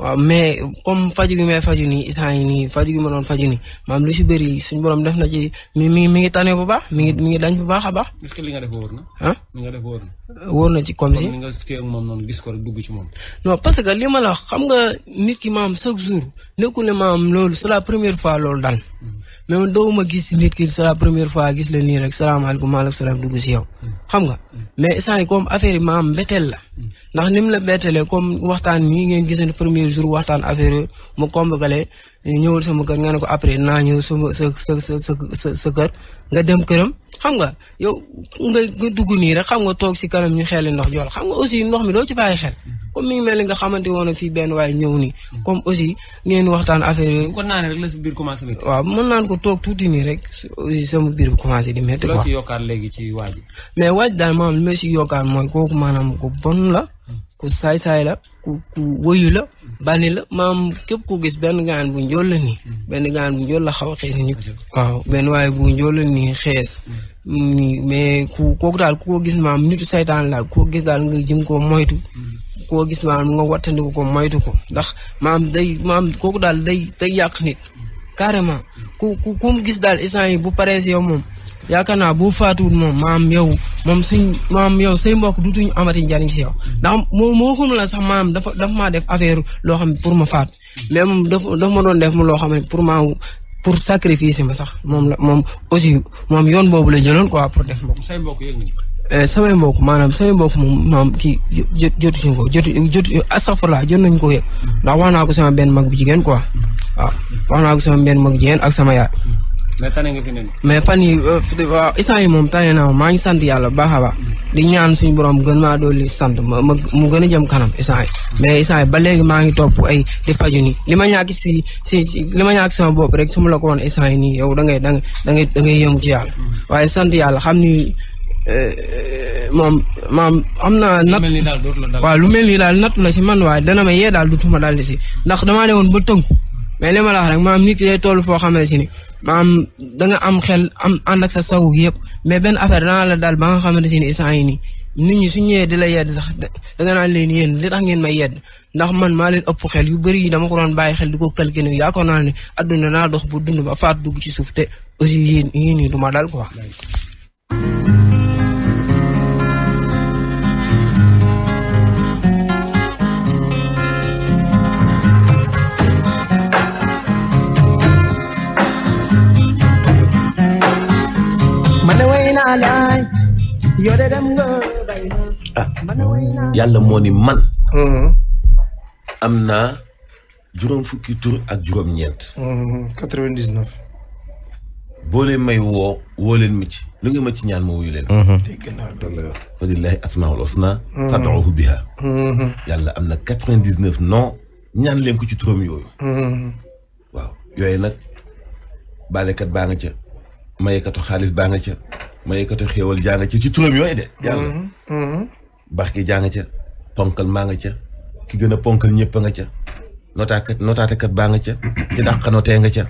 waaw mais comme faju gi may faju nii isaan yi nii faju gi ma faj faju nii maam lu si bëri suñu borom def na ci mi mi mi ngi tane bu baax mi ngi mi ngi dañ bu baax a baax. est que li nga def wóor na. ah li na. wóor ci comme si. moom noonu gis ko dugg ci moom. non parce que li ma wax xam nga nit ki maam chaque jour nekkul ne maam loolu c'est la première fois loolu daal. Hmm. mais man doo ma gis nit ki c'est la première fois gis la nii rek salaamaaleykum salaam dugg si yow. xam nga mais instant yi comme affaire yi maam mbetteel la. ndax ni mu la bettelee comme waxtaan ñi ngeen gisante premier jour waxtaan affaire yooyu mu kombagale ñëwal sama kër nga ne ko après naa ñëw sama sa sa sa sa sa kër nga dem këram xam nga yow nga nga dugg nii rek xam nga toog si kanam ñu xeeli ndox jool xam nga aussi ndox mi doo ci bàyyi xel. comme mi ngi mel ni nga xamante woon fii benn waaye ñëw nii. comme aussi ngeen waxtaan affaire kon naa ne rek la sa waaw mën naan ko toog tuuti ni rek aussi sama biir bi commencé di métti. quoi loo ci yokkaat léegi ci waaj. mais waaj daal maanaam li ma si yokkaat mooy ko maanaam ku bon la. ku saay saay la ku ku la. bànni la maam képp ku gis benn gaan bu njool la nii mm. benn gaan bu njool la xaw a xees nit mm. waaw benn waaye bu njool ni xees nii mm. mais ku kooku daal ku ko gis maam nitu saytaan la ku ko gis daal nga jëm koo moytu koo gis maam nga wattandiku ko moytu ko ndax maam day maam kooku daal day day yàq nit carrément ku ku ku mu gis daal instant yi bu paree si yow moom yaakaar naa boo faatuwul moom maam yow moom suñ maam yow say mbokk dutuñu amati jariñ si yow ndax moo moo xum la sax maam dafa dafa maa def affaire loo xam ne pour ma faat mais moom dafa dafa ma doon def mu loo xam ne pour ma pour sacrifice ma sax moom la moom aussi moom yoon boobu la jëloon quoi pour def mbokk say mbokk yëg nañ Eh, samay mbokk maanaam samay mbokk moom maam jot jot jotuñu ko jot jot astafurlah jot nañ ko yëpp ndax wax naa ko sama benn mag bu jigéen ko waaw wax naa ko benn mag bu jigéen ak sama yaay. mais tane nga fi ne mais fan yi euh, waaw yi moom tane naa maa ngi sant yàlla baax a baax di ñaan suñu borom gën maa dolli sant ma ma mu gën a jëm kanam isaan mais isaan yi ba léegi maa ngi topp ay di faju nii li ma ñàkk si si li ma ñàkk sama bopp rek su ma la ko woon isaan yi nii yow da ngay da da ngay yëngu ci yàlla sant yàlla xam Eh, eh, moom maam am naa natt waaw lu mel nii daal natt la si man waaye dana ma yee daal dutuma daal di si ndax damaa ne woon ba tënku mais li ma la rek maam nit ki day toll foo xamante si ni maam danga am xel am ànd ak sa sawu yëpp mais benn affaire danaa la daal ba nga xamante si ni instant yi nii nit ñi su ñëwee di la yedd sax danga naan leen yéen li tax ngeen may yedd ndax man maa leen ëpp xel yu bëri yi dama ko doon bàyyi xel di ko calculer yaakaar naa ne adduna naa dox bu dund ba faat dugg ci suuf te aussi yéen yéen ñi du ma daal quoi. Ah, yàlla moo ni man. Mm-hmm. am naa juróom fukki tur ak juróom-ñeent. 99. Mm-hmm. may woo woo leen ma ci lu nga ma ci ñaan ma wuyu leen. Mm-hmm. dégg naa doole wa lillahi asmaul husna fad'uhu biha. yàlla am na 99 non ñaan leen ko ci turóom yooyu. waaw yooyu nag baalekat baa nga ca mayekatu xaalis baa nga ca. maykatu xéewal jaa nga ca ci turam yooyu de. yàlla mm-hmm. mm-hmm. baax gi jaa nga ca ponkal maa nga ca ki gën a ponkal ñëpp a nga ca notaakat notaatekat baa nga ca ki dàq notee nga ca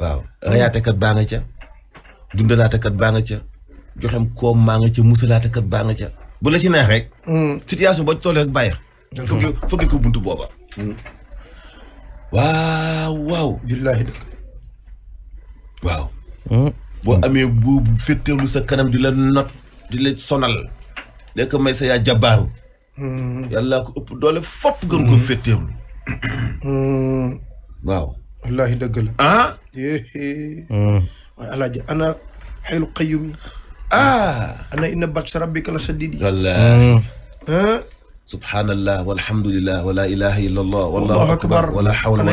waaw rayaatekat baa nga ca dundalaatekat baa nga ca joxem koom maa nga ca musalaatekat baa nga ca bu la ci neex rek. Mm. situation boo ci toll rek bàyyi. fëgg fëgg ko buntu booba. Mm. waaw waaw. billaahi dëkk waaw. Mm. boo amee bu fétteerlu sa kanam di la not di la sonal lekk may sa yaa jabaaru hmm. yàlla ko ëpp doole fopp gën ko hmm. fétteerlu hmm. waaw wallaahi dëgg la ah waaye alaaji ana xaylu qayyum yi ah ana inna batsa rabbika la shadid wallaahi subhaanallah walhamdulillah wala ilaha illa allah akbar wala hawla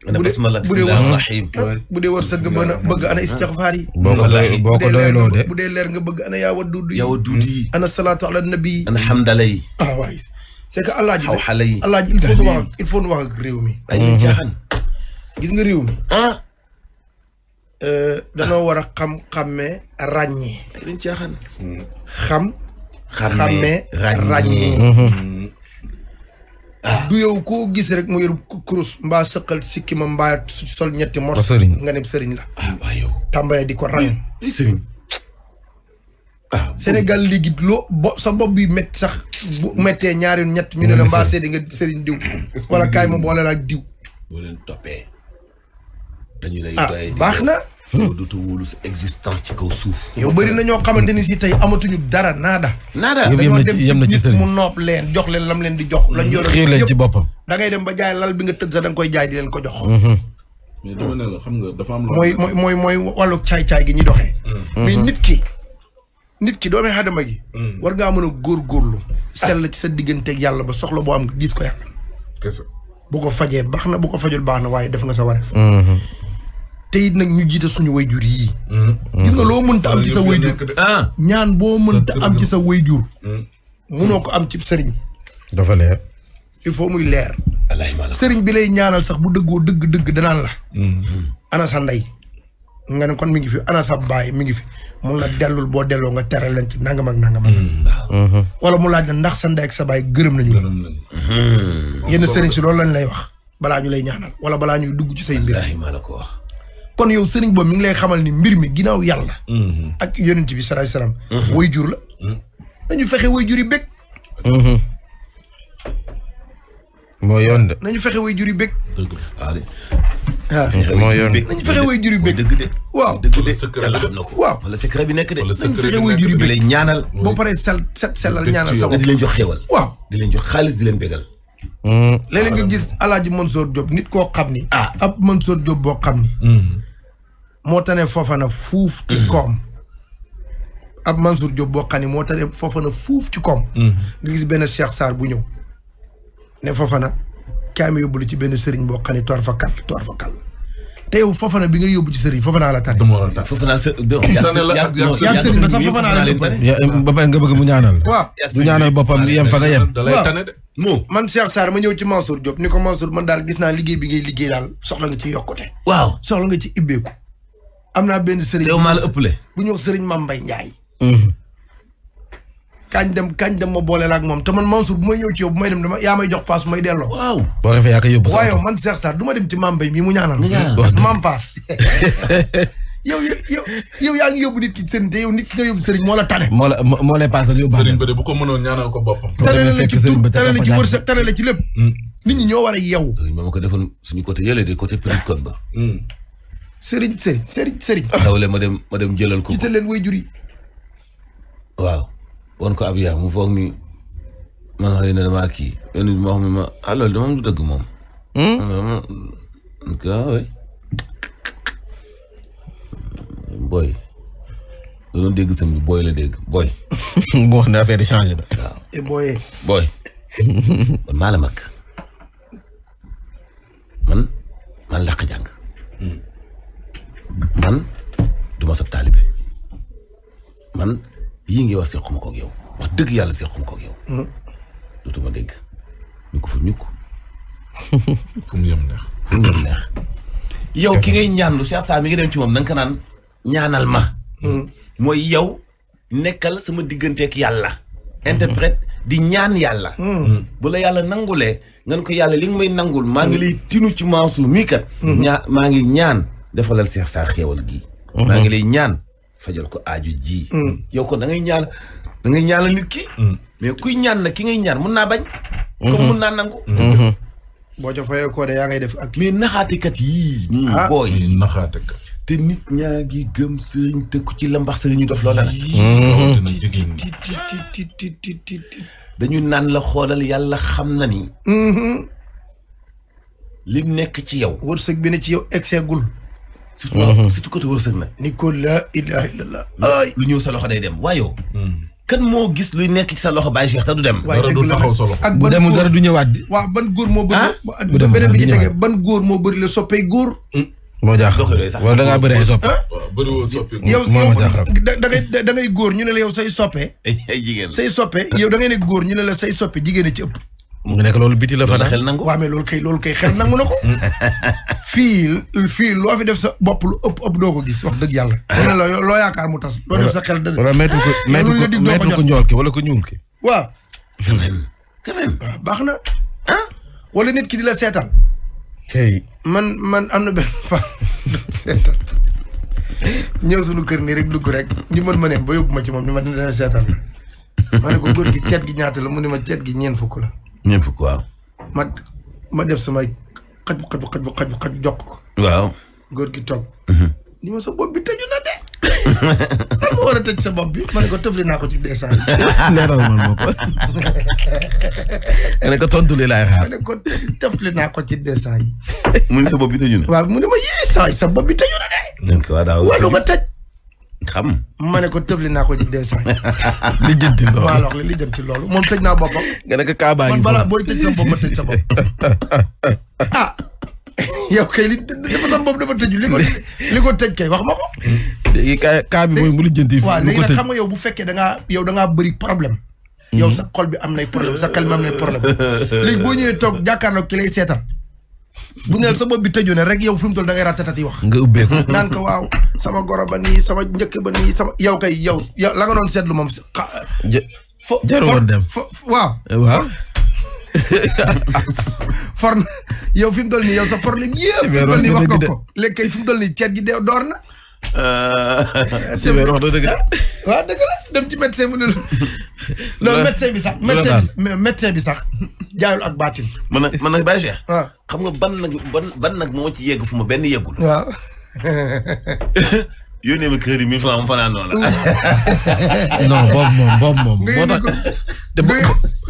bu dee bu dee war bu dee war sëgg mën a bëgg ana istixfaar yi. boo ko doy boo ko doyloo de bu dee leer nga bëgg ana yaa wadduud yi. yaa wadduud yi ana salaatu ala nabi. ana xamdala yi. ah waay c'est que alaaji. xaw xale yi alaaji il faut nu wax ak il faut nu wax ak réew mi. dañuy jaaxal gis nga réew mi. ah. danoo war a xam xàmmee ràññee. dañuy jaaxal. xam. xàmmee ràññee. du yow koo gis rek mu yor kurus mbaa sëqal sikki ma mbaa sol ñetti mor nga ne sëriñ la ah di ko rang sëriñ ah, Sénégal léegi loo bo sa bopp bi métti sax bu méttee ñaari ñett ñu ne la mbaa seede nga sëriñ diw wala kaay ma boole la ak diw boo leen toppee dañu ah, baax na yow dootoo wóolu sa existence ci kaw suuf. yow bëri na ñoo xamante ni si tey amatuñu dara naada. naada dañoo dem ci nit mu noob leen jox leen lam leen di jox. lañ yoroon xiir leen ci boppam. da dem ba jaay lal bi nga tëdd sa da nga koy jaay di leen ko jox. Mhm. mais dama xam nga dafa am. mooy mooy mooy wàllu caay-caay gi ñuy doxee. Mhm. mais mhm. nit ki. nit ki doome aadama gi. war ngaa mën a góorgóorlu. sell ci sa digganteeg yàlla ba soxla boo am nga gis ko yàlla. bu ko fajee baax na bu ko fajul baax na waaye def nga sa wareef te it nag ñu jiite suñu wayjur yii. Mm. Mm. gis nga loo mënta am ci sa wayjur. Ah. ñaan boo mënta am ci sa wayjur. Mm. munoo ko am ci sëriñ. dafa leer. il faut muy leer. sëriñ bi lay ñaanal sax bu dëggoo dëgg dëgg danaan la. ana sa ndey. nga ne kon mi ngi fi ana sa baay mi ngi fi mun la dellul boo delloo nga teral leen ci nangam ak nangam ak nangam. Mm-hmm. wala mu laaj la ndax sa ndey ak sa baay gërëm ñu la. Mm-hmm. yenn sëriñ si loolu lañ lay wax balaa ñu lay ñaanal wala balaa ñuy dugg ci say wax kon yow sëriñ boobu mi ngi lay xamal ni mbir mi ginnaaw yàlla. Mhm. ak yonent bi salaay salaam. Mhm. way jur la. Mhm. nañu fexe way jur yi yoon de. nañu fexe way jur yi bëgg. dëgg la moo yoon de nañu fexe way jur yi bëgg. dëgg de waaw dëgg de yàlla xam na ko. waaw wala secret bi nekk de. wala secret bi nekk de lay ñaanal. boo pare sel set selal ñaanal sa bopp. di leen jox xéewal. waaw di leen jox xaalis di leen bégal. Mm. léeg-léeg nga gis El Hadj Mansour nit koo xam ni. ah ab Mansour Diop boo xam ni. Mm. moo tane Fofana fuuf ci mm-hmm. koom ab Mansour Diop boo xam ne moo tane Fofana fuuf ci koom mm-hmm. nga gis benn Cheikh Sarr bu ñëw ne Fofana kaa mi yóbbulu ci benn sëriñ boo xam ne toor fa kal toor fa kal te yow Fofana bi nga yóbbu ci sëriñ Fofana la tane Fofana sëriñ ba sax Fofana la tane ba nga bëgg mu ñaanal waaw du ñaanal boppam yem fa nga yem moo man Cheikh Sarr ma ñëw ci Mansour Diop ni ko Mansour man daal gis naa liggéey bi ngay liggéey daal soxla nga ci yokkute waaw soxla nga ci ibbeeku am naa benn sëriñ. teew maa la ëppale bu ñu wax mhm. kañ dem ma boole la ak moom te man Mansour bu may ñëw ci yow bu ma dem dama yaa ma jox paas bu may delloo. waaw boo ko fee yaa koy yóbbu. waaye ma dem ci Mame Mbaye mii mu ñaanal. Mame Paas. yow yow yow yaa ngi yóbbu nit ki sëriñ te yow nit ki nga yóbbu sëriñ moo la tane. moo la moo lay paasal yóbbu. sëriñ ba de bu ko mënoon ñaanal ko boppam. tane la ci tur tane la ci wërsëg mm. tane ñi ñoo war a yeewu. sëriñ ba ma ko defoon suñu côté de côté Petite Côte sëriñ sëriñ sëriñ sëriñ. dawle ma dem ma ko. jiital leen way jur yi. waaw. won ko ab yaa mu foog ni man xëy na damaa kii yow nit ma wax ma ah loolu dama mu dëgg moom. Hmm? waaw booy. loolu la dégg la dégg booy. boo xam ne yi changé man maa la man du ma sa man yii ngi wax sequma koog yow wax dëgg yàlla sequma koog yow. Hmm. dootuma dégg ñu ko fu ñukk fu mu yem neex. fu mu yem neex. ki ngay ñaanlu Cheikh Saa mi ngi dem ci moom na nga ko naan ñaanal ma. Hmm. mooy yow nekkal sama digganteeg yàlla. Hmm. interprète di ñaan yàlla. bu la yàlla nangulee nga ne ko yàlla li nga may nangul maa ngi lay tinu ci maasu mii kat. maa ngi ñaan. defalal seex saa xéewal gi mhm. maa ngi lay ñaan fajal ko aaju ji mm. yow kon da ngay ñaan da ngay ki mm. mais kuy ñaan nag ki ngay ñaan mun naa bañ mm-hmm. comme mun naa nangu mm-hmm. boo ca fayee koo de yaa ngay def ak mais naxaatekat yii ñii ah. booy mm, naxaatekat te nit ñaa ngi gëm sëriñ te ku ci lambax sëriñ ñu dof loola mm-hmm. nag dañu naan la xoolal yàlla xam na ni li nekk ci yow wërsëg bi ne ci yow egseegul surtout mhm. surtout côté wërsëg nag ni ko la ilaha ay lu ñëw sa loxo day dem waayoo hmm. kan moo gis luy nekk ci sa loxo bàyyi Cheikh te du dem waaye dëgg la ak bu demul dara du ñëwaat di waaw ban góor moo bëri ah? beneen bi ci tegee ban góor moo bëri la soppee góor hmm. moo jaaxal wala da ngaa bëri ay soppe ah? bëriwoo soppe hmm. yow da ngay da ngay góor ñu ne la yow say soppe ay jigéen say soppe yow da ngay ne góor ñu ne la say soppe jigéen a ci ëpp mu ngi nekk loolu biti la. a xel nangu waaw mais loolu kay loolu kay xel nangu na ko. fii fii loo fi def sa bopp ëpp ëpp doo ko gis wax dëgg yàlla. dina la loo yaakaar mu tas. loo def sa xel dëgg. wala mettre ko mettre ko njool ki wala ko ñuul ki. waa baax na ah. wala nit ki di la seetaan. man man am na benn seetaan. ñëw suñu kër nii rek dugg rek ñu mën ma ne ba ma ci moom ni ma dina seetaan la. ma ne ko gi ceet gi ñaata la mu ne ma ceet gi ñeen fukk la. ñeent fukk waaw. ma ma def samay xaj bu xaj bu xaj bu xaj bu xaj jox ko. waaw góor gi toog. Mhm. ni ma sa bopp bi na de. ma sa bopp bi ma ne ko tëfli naa ko ci desaan. leeral ma bopp. nga ne ko tontu li laay xaar. ma ne ko tëfli naa ko ci desaan yi. mu ni sa bopp bi na. waaw mu ne ma yii saa sa bopp bi na de. donc daaw. wàllu nga tëj. xam ma ne ko tëfli naa ko ci deux cent li jëm loolu maa li jëm ci loolu moom tëj naa boppam. nga ne ko Kaaba ngi balaa booy tëj sa bopp ma tëj sa bopp ah yow kay li dafa tam dafa tëju li ko li ko tëj kay wax ma ko. léegi kaa bi mooy mu li jënti. waaw léegi nag xam yow bu fekkee da ngaa yow da bëri problème. yow sax mhm. xol bi am nay problème sa xel mi am nay problème léegi boo ñëwee toog jàkkaarloo ki lay seetal bu neel sa bopp bi tëjoo ne rek yow fi mu toll da ngay ratatati wax. nga ubbeeku naan ko waaw sama goro ba nii sama njëkk ba nii sama yow kay yow la nga doon seetlu moom. fo jaroon dem fo waaw. Eh, waaw. for yow fi mu toll nii yow sa problème yëpp. fi mu toll nii wax ko ko kay fi mu toll nii ceet gi dee door na. Euh, c'est vrai wax dëgg la waaw dëgg la dem ci médecin mu ne la non médecin bi sax médecin bi sax jaayul ak baatin man nag man nag bàyyi ah. xam nga ban nag ban nag moo ci yegg fu ma benn yeggul waaw yónnee ma crédit mille francs mu fanaan noonu la non boobu moom boobu moom moo tax te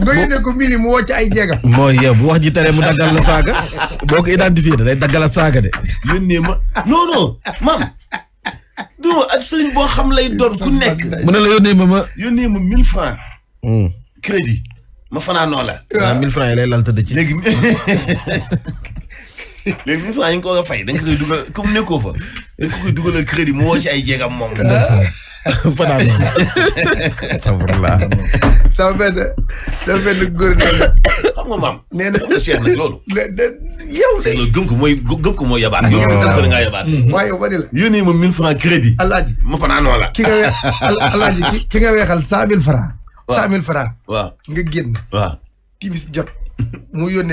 nga yónnee ko mini mu woo ay jéega. mooy yow bu wax ji tere mu daggal la saaga boo ko identifié da day daggal la saaga de yónnee ma non non non ab sëriñ boo xam lay doon ku nekk. mu ne la yónnee ma ma. yónnee ma mille francs. Hmm. crédit ma fanaanoo la. waaw ah, mille francs yi lay lal tëdd ci. léegi léegi mille francs yi nga fay da nga koy dugal comme nekkoo fa da koy dugalal crédit mu woo ay jéegam moom. fanaan sabula sama benn sama na xam nga maam nee na cheikh nag loolu yow de loolu gëm ko mooy gëm ko mooy mm-hmm.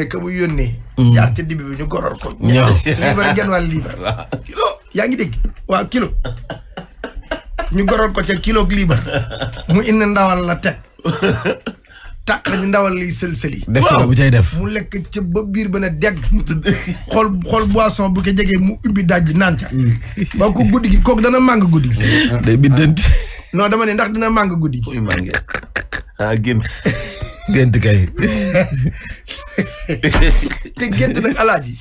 ka mu yónnee mm-hmm. jaar bi ñu goror ko ñëw liibar genn wàll kilo yaa ngi dégg kilo ñu goroon ko ca kilo liibar mu indi ndawal la teg tàq ñu ndawal liy sël-sëli def bu cay def mu lekk ca ba biir ba ne degg xol xool boisson bu ko jegee mu ubbi dajj naan ca mm. ba ko guddi gi kooku dana màng guddi gi day biddanti non dama ne ndax dina màng guddi gi mànge ah génn gént kay nag alaaji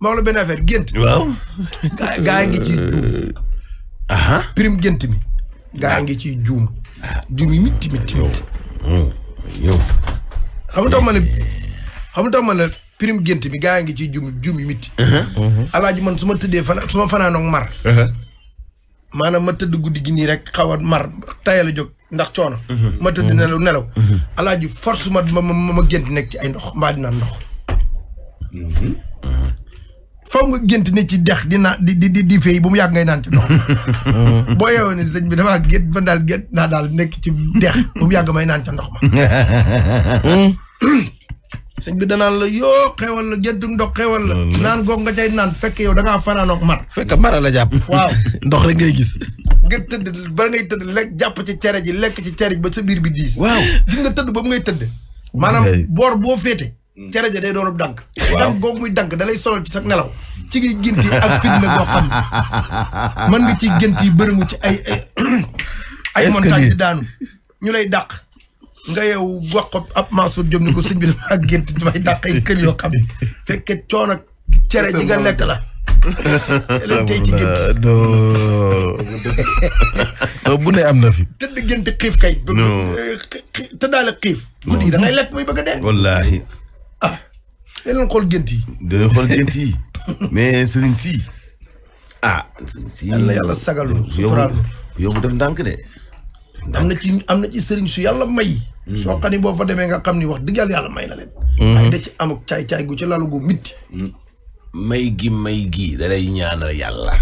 ma wax la benn affaire gént waaw gaa gaa prime gént mi. gaa ngi ci juum. juum yi mitti mitti mitti. Hmm. yow xam tax ma ne xam nga tax ma ne eh. prime mi gaa ngi ciy juum juum yi mitti. Hmm. man su ma tëddee fan su ma fanaanoog mar. maanaam ma tëdd guddi gi nii rek xaw a mar tayal a jóg ndax coono. Hmm. ma tëdd nelaw nelaw. alaaji fors ma ma ma gént nekk ci ay ndox mbaa dina ndox. faw nga gént ni ci dex di naan di di di fay ba mu yàgg ngay naan ci ndox ma. boo yeewoo ne sëñ bi damaa gént ba daal gént naa daal nekk ci dex ba mu yàgg may naan ca ndox ma. sëñ bi danaan la yoo xewal la géntu ndox xewal la. Mm. naan goog nga cay naan fekk yow da ngaa fanaanook mar. fekk mara la jàpp. waaw ndox rek ngay gis. nga ba ngay tëdd lekk jàpp ci cere ji lekk ci cere ba sa biir bi diis. waaw gis nga tëdd ba ngay tëdd. maanaam boor boo féete. Mm. cere ja day doonub dànk dànk googu muy dànk dalay lay solol ci sax nelaw ci ngi gént yi ak fitna goo xam man nga ci gént yi bërimu ci ay ay ay di daanu ñu lay daq nga yow wax ko ab Mansour Diop ni ko sëñ bi dafa gént damay dàq ay kër yoo xam fekke coono cere ji nga lekk la bu ne am na fi tëdd gént xiif kay eh, tëddaale xiif guddi da ngay lekk muy bëgg a dee dañ leen xool gént yi. dañ xool gént yi mais sëriñ si. ah sëriñ si. yàlla yàlla sagalu suturaal def ndànk de. am na ci sëriñ su yàlla may. Hmm. soo xam boo fa demee nga xam ni wax dëgg yàlla may na leen. Hmm. waaye da ci am ak caay caay gu ci lalu gu mitti. Hmm. may gi may gi da lay yàlla.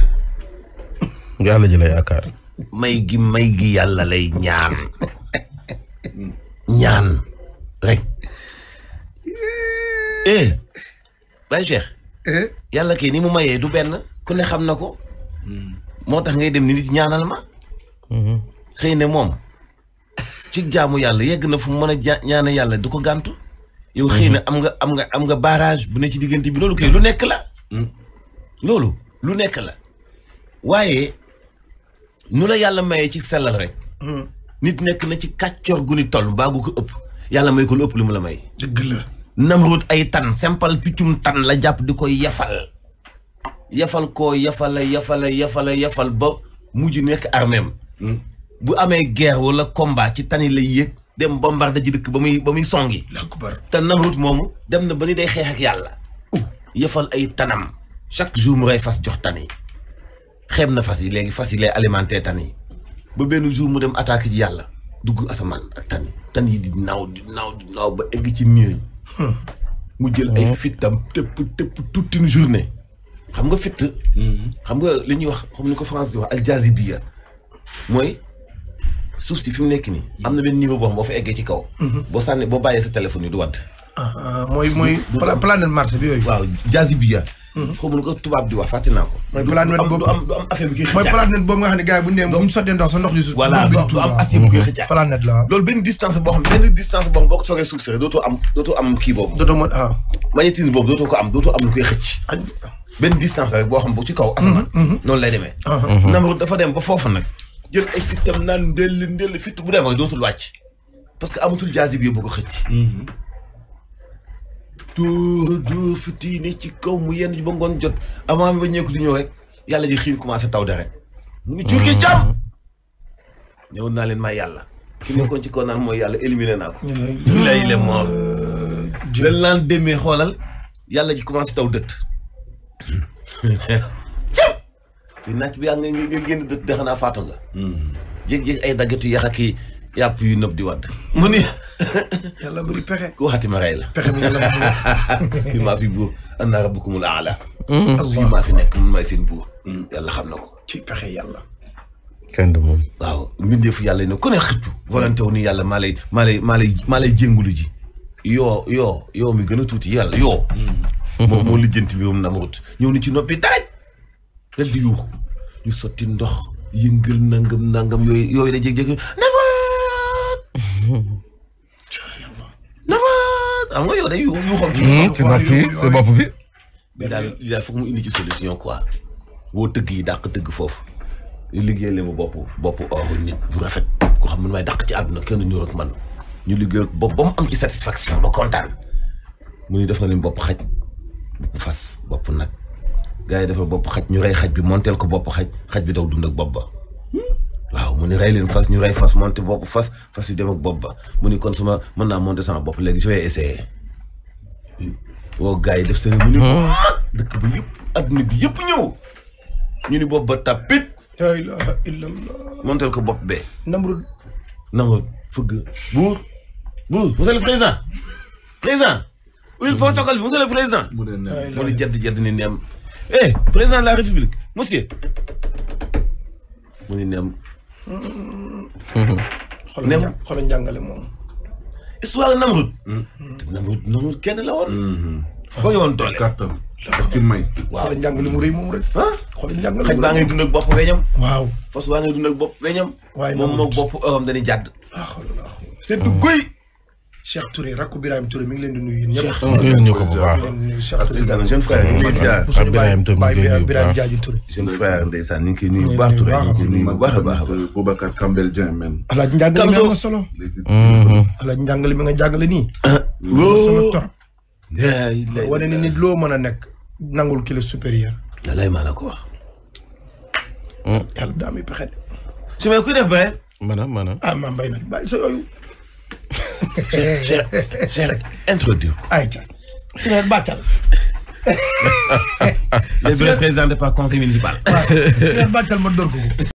yàlla ji la yaakaar. may gi may gi yàlla lay ñaan. ñaan rek. eh Baye eh? yàlla kii ni mu mayee du benn ku ne xam na ko. moo tax ngay dem ni nit ñaanal ma. Mhm. xëy ne moom ci jaamu yàlla yegg na fu mu mën a ja ñaanal yàlla du ko gàntu. yow xëy na mhm. am nga am nga am nga barrage bu ne ci diggante bi loolu kay lu nekk la. Mm. loolu lu nekk la waaye nu la yàlla mayee ci sellal rek. Mm. nit nekk na ci kàccoor gu ni toll mbaa gu ko ëpp yàlla may ko lu ëpp li mu la may. dëgg la. namrut ay tan simple piccum tan la jàpp di koy yafal yafal koo yafala yafala yafala yafal ba mujj nekk armeem hmm? bu amee guerre wala combat ci tani lay yëg dem bombarde ji dëkk ba muy ba muy songi te namrut moomu dem na ba ni day xeex ak yàlla yafal ay tanam chaque jour mu rey fas jox tani xeeb na fas yi léegi fas yi lay alimenté tani ba benn jour mu dem attaque ji yàlla dugg asamaan ak tan yi di naaw di naaw di naaw ba egg ci niir Hmm. mu jël ay oh. fittam tëpp tëpp toute une journée xam nga fitt hmm. xam nga li ñuy wax xam ni ko France di wax aljazibiya mooy suuf si fi mu nekk nii am na benn niveau boo xam boo fa eggee ci kaw hmm. boo sànni boo bàyyee sa téléphone yi du wadd ah, ah, mooy mooy planète Mars bi yooyu waaw jazibiya xaw ma nu ko tubaab di wax fàtte naa ko. mooy planète boobu du am loolu benn distance boo xam benn distance boo suuf si rek am dootoo am kii boobu. dootoo mën ah. am dootoo am lu koy benn distance boo xam bu ci kaw. Mhm, asamaan mhm. noonu lay demee. Ah, ah. mhm. Namru dafa dem ba foofu nag. jël ay fitam naan ndell ndell fit bu demee dootul wàcc parce que amatul jaasi bi bu ko dóor dóor ni ci kaw mu yenn ji ba ngoon jot avant mi ba ñeeku di ñëw rek yàlla ji xiin commencé taw de mu ngi cuukee jàmm mm-hmm. ñëw naa leen may yàlla ki nekkoon ci kaw naan mooy yàlla éliminé naa ko lay euh, le mor lan laan demee xoolal yàlla ji commencé taw dëtt cam fi naaj bi yaa nga nga génn dëtt de naa faatu nga mm-hmm. jéeg-jéeg ay daggetu yax ak yàpp yu nëb di wadd mu ni. yàlla bari pexe. ku waxati ma rey la. pexe bi yàlla fi maa fi buur ana rabbukumul aala. Mm. fii maa fi nekk mun maay seen buur. Mm. yàlla xam na ko ci pexe yàlla. kenn du moom. waaw mbindeefu yàlla yi nag ne xëccu. volonté wu ni yàlla maa lay maa lay maa ji. yoo yoo yoo mi gën a tuuti yàlla yoo. Mm. moom moo lijjanti bi moom na ñëw ni ci noppi daaj. dal yuux ñu sotti ndox yëngal nangam nangam yooyu yooyu la jékki-jékki xam nga yow day yu yu ci bopp bi ci bopp bi. mais daal li mu indi ci solution quoi. boo tëgg yi dàq tëgg foofu. li liggéeyal leen ma bopp bopp nit bu rafet. ko xam man may dàq ci àdduna kenn ñu ak man. ñu liggéeyal bopp ba mu am ci satisfaction ba kontaan. mu ni def nga leen bopp xaj. bopp fas bopp nag. gars yi defal bopp xaj ñu rey xaj bi monteel ko bopp xaj xaj bi daw dund ak bopp ba. waaw mu ni rey leen fas ñu rey fas monte bopp fas fas yu dem ak bopp ba mu ni kon suma mën naa monter sama bopp léegi je vais essayer woo gars yi def cérémonie bu hmm? mag dëkk ba yëpp yëpp ñëw ñu ni bopp ba tapit la ko bopp bee namrud nangu fëgg buur buur monsieur le président président oui protocole bi monsieur le président mu ni jedd jedd ni neem eh président de la république monsieur mu ni neem xoolal xoolal njàngale moom. histoire Namrud. Hmm. te Namrud Namrud kenn la woon. Hmm. foo yoon doole kàttan ak ci may. waaw xoolal njàng mu rëy moom rek. ah xoolal njàng li mu rëy xaj baa ngay dund ak bopp weñam. waaw fas baa ngay dund ak bopp weñam. waaye moom moom bopp ëram dañuy jàdd. waaw xoolal waaw. c'est Cheikh Touré rakku Birahim Touré mi ngi leen di nuyu yéen ñëpp. ñu ko bu baax Cheikh Touré seen jeune frère ñu ngi lay ziar. ak Birahim Touré ñu ngi koy nuyu bu baax jeune frère ndeysaan ñu ngi koy nuyu bu baax Touré ñu ngi koy nuyu bu baax a baax. Boubacar Kambel Dieng men. alaaj njàngale mi nga solo. Mm-hmm. alaaj njàngale mi nga jàngale nii. Uh-huh. wóo solo torop. wane ni nit loo mën a nekk nangul kile supérieur. yàllaay maa la ko wax. Mm. yàlla daa muy pexe de. su ma kuy def ba. maanaam maanaam. ah maa mbay nag bàyyi sa yooyu. Cheikh Cheikh introduire ko. ayca frère Bacal. ne vous représentez pas conseil municipal. waaw frère Bacal ma door ko ko.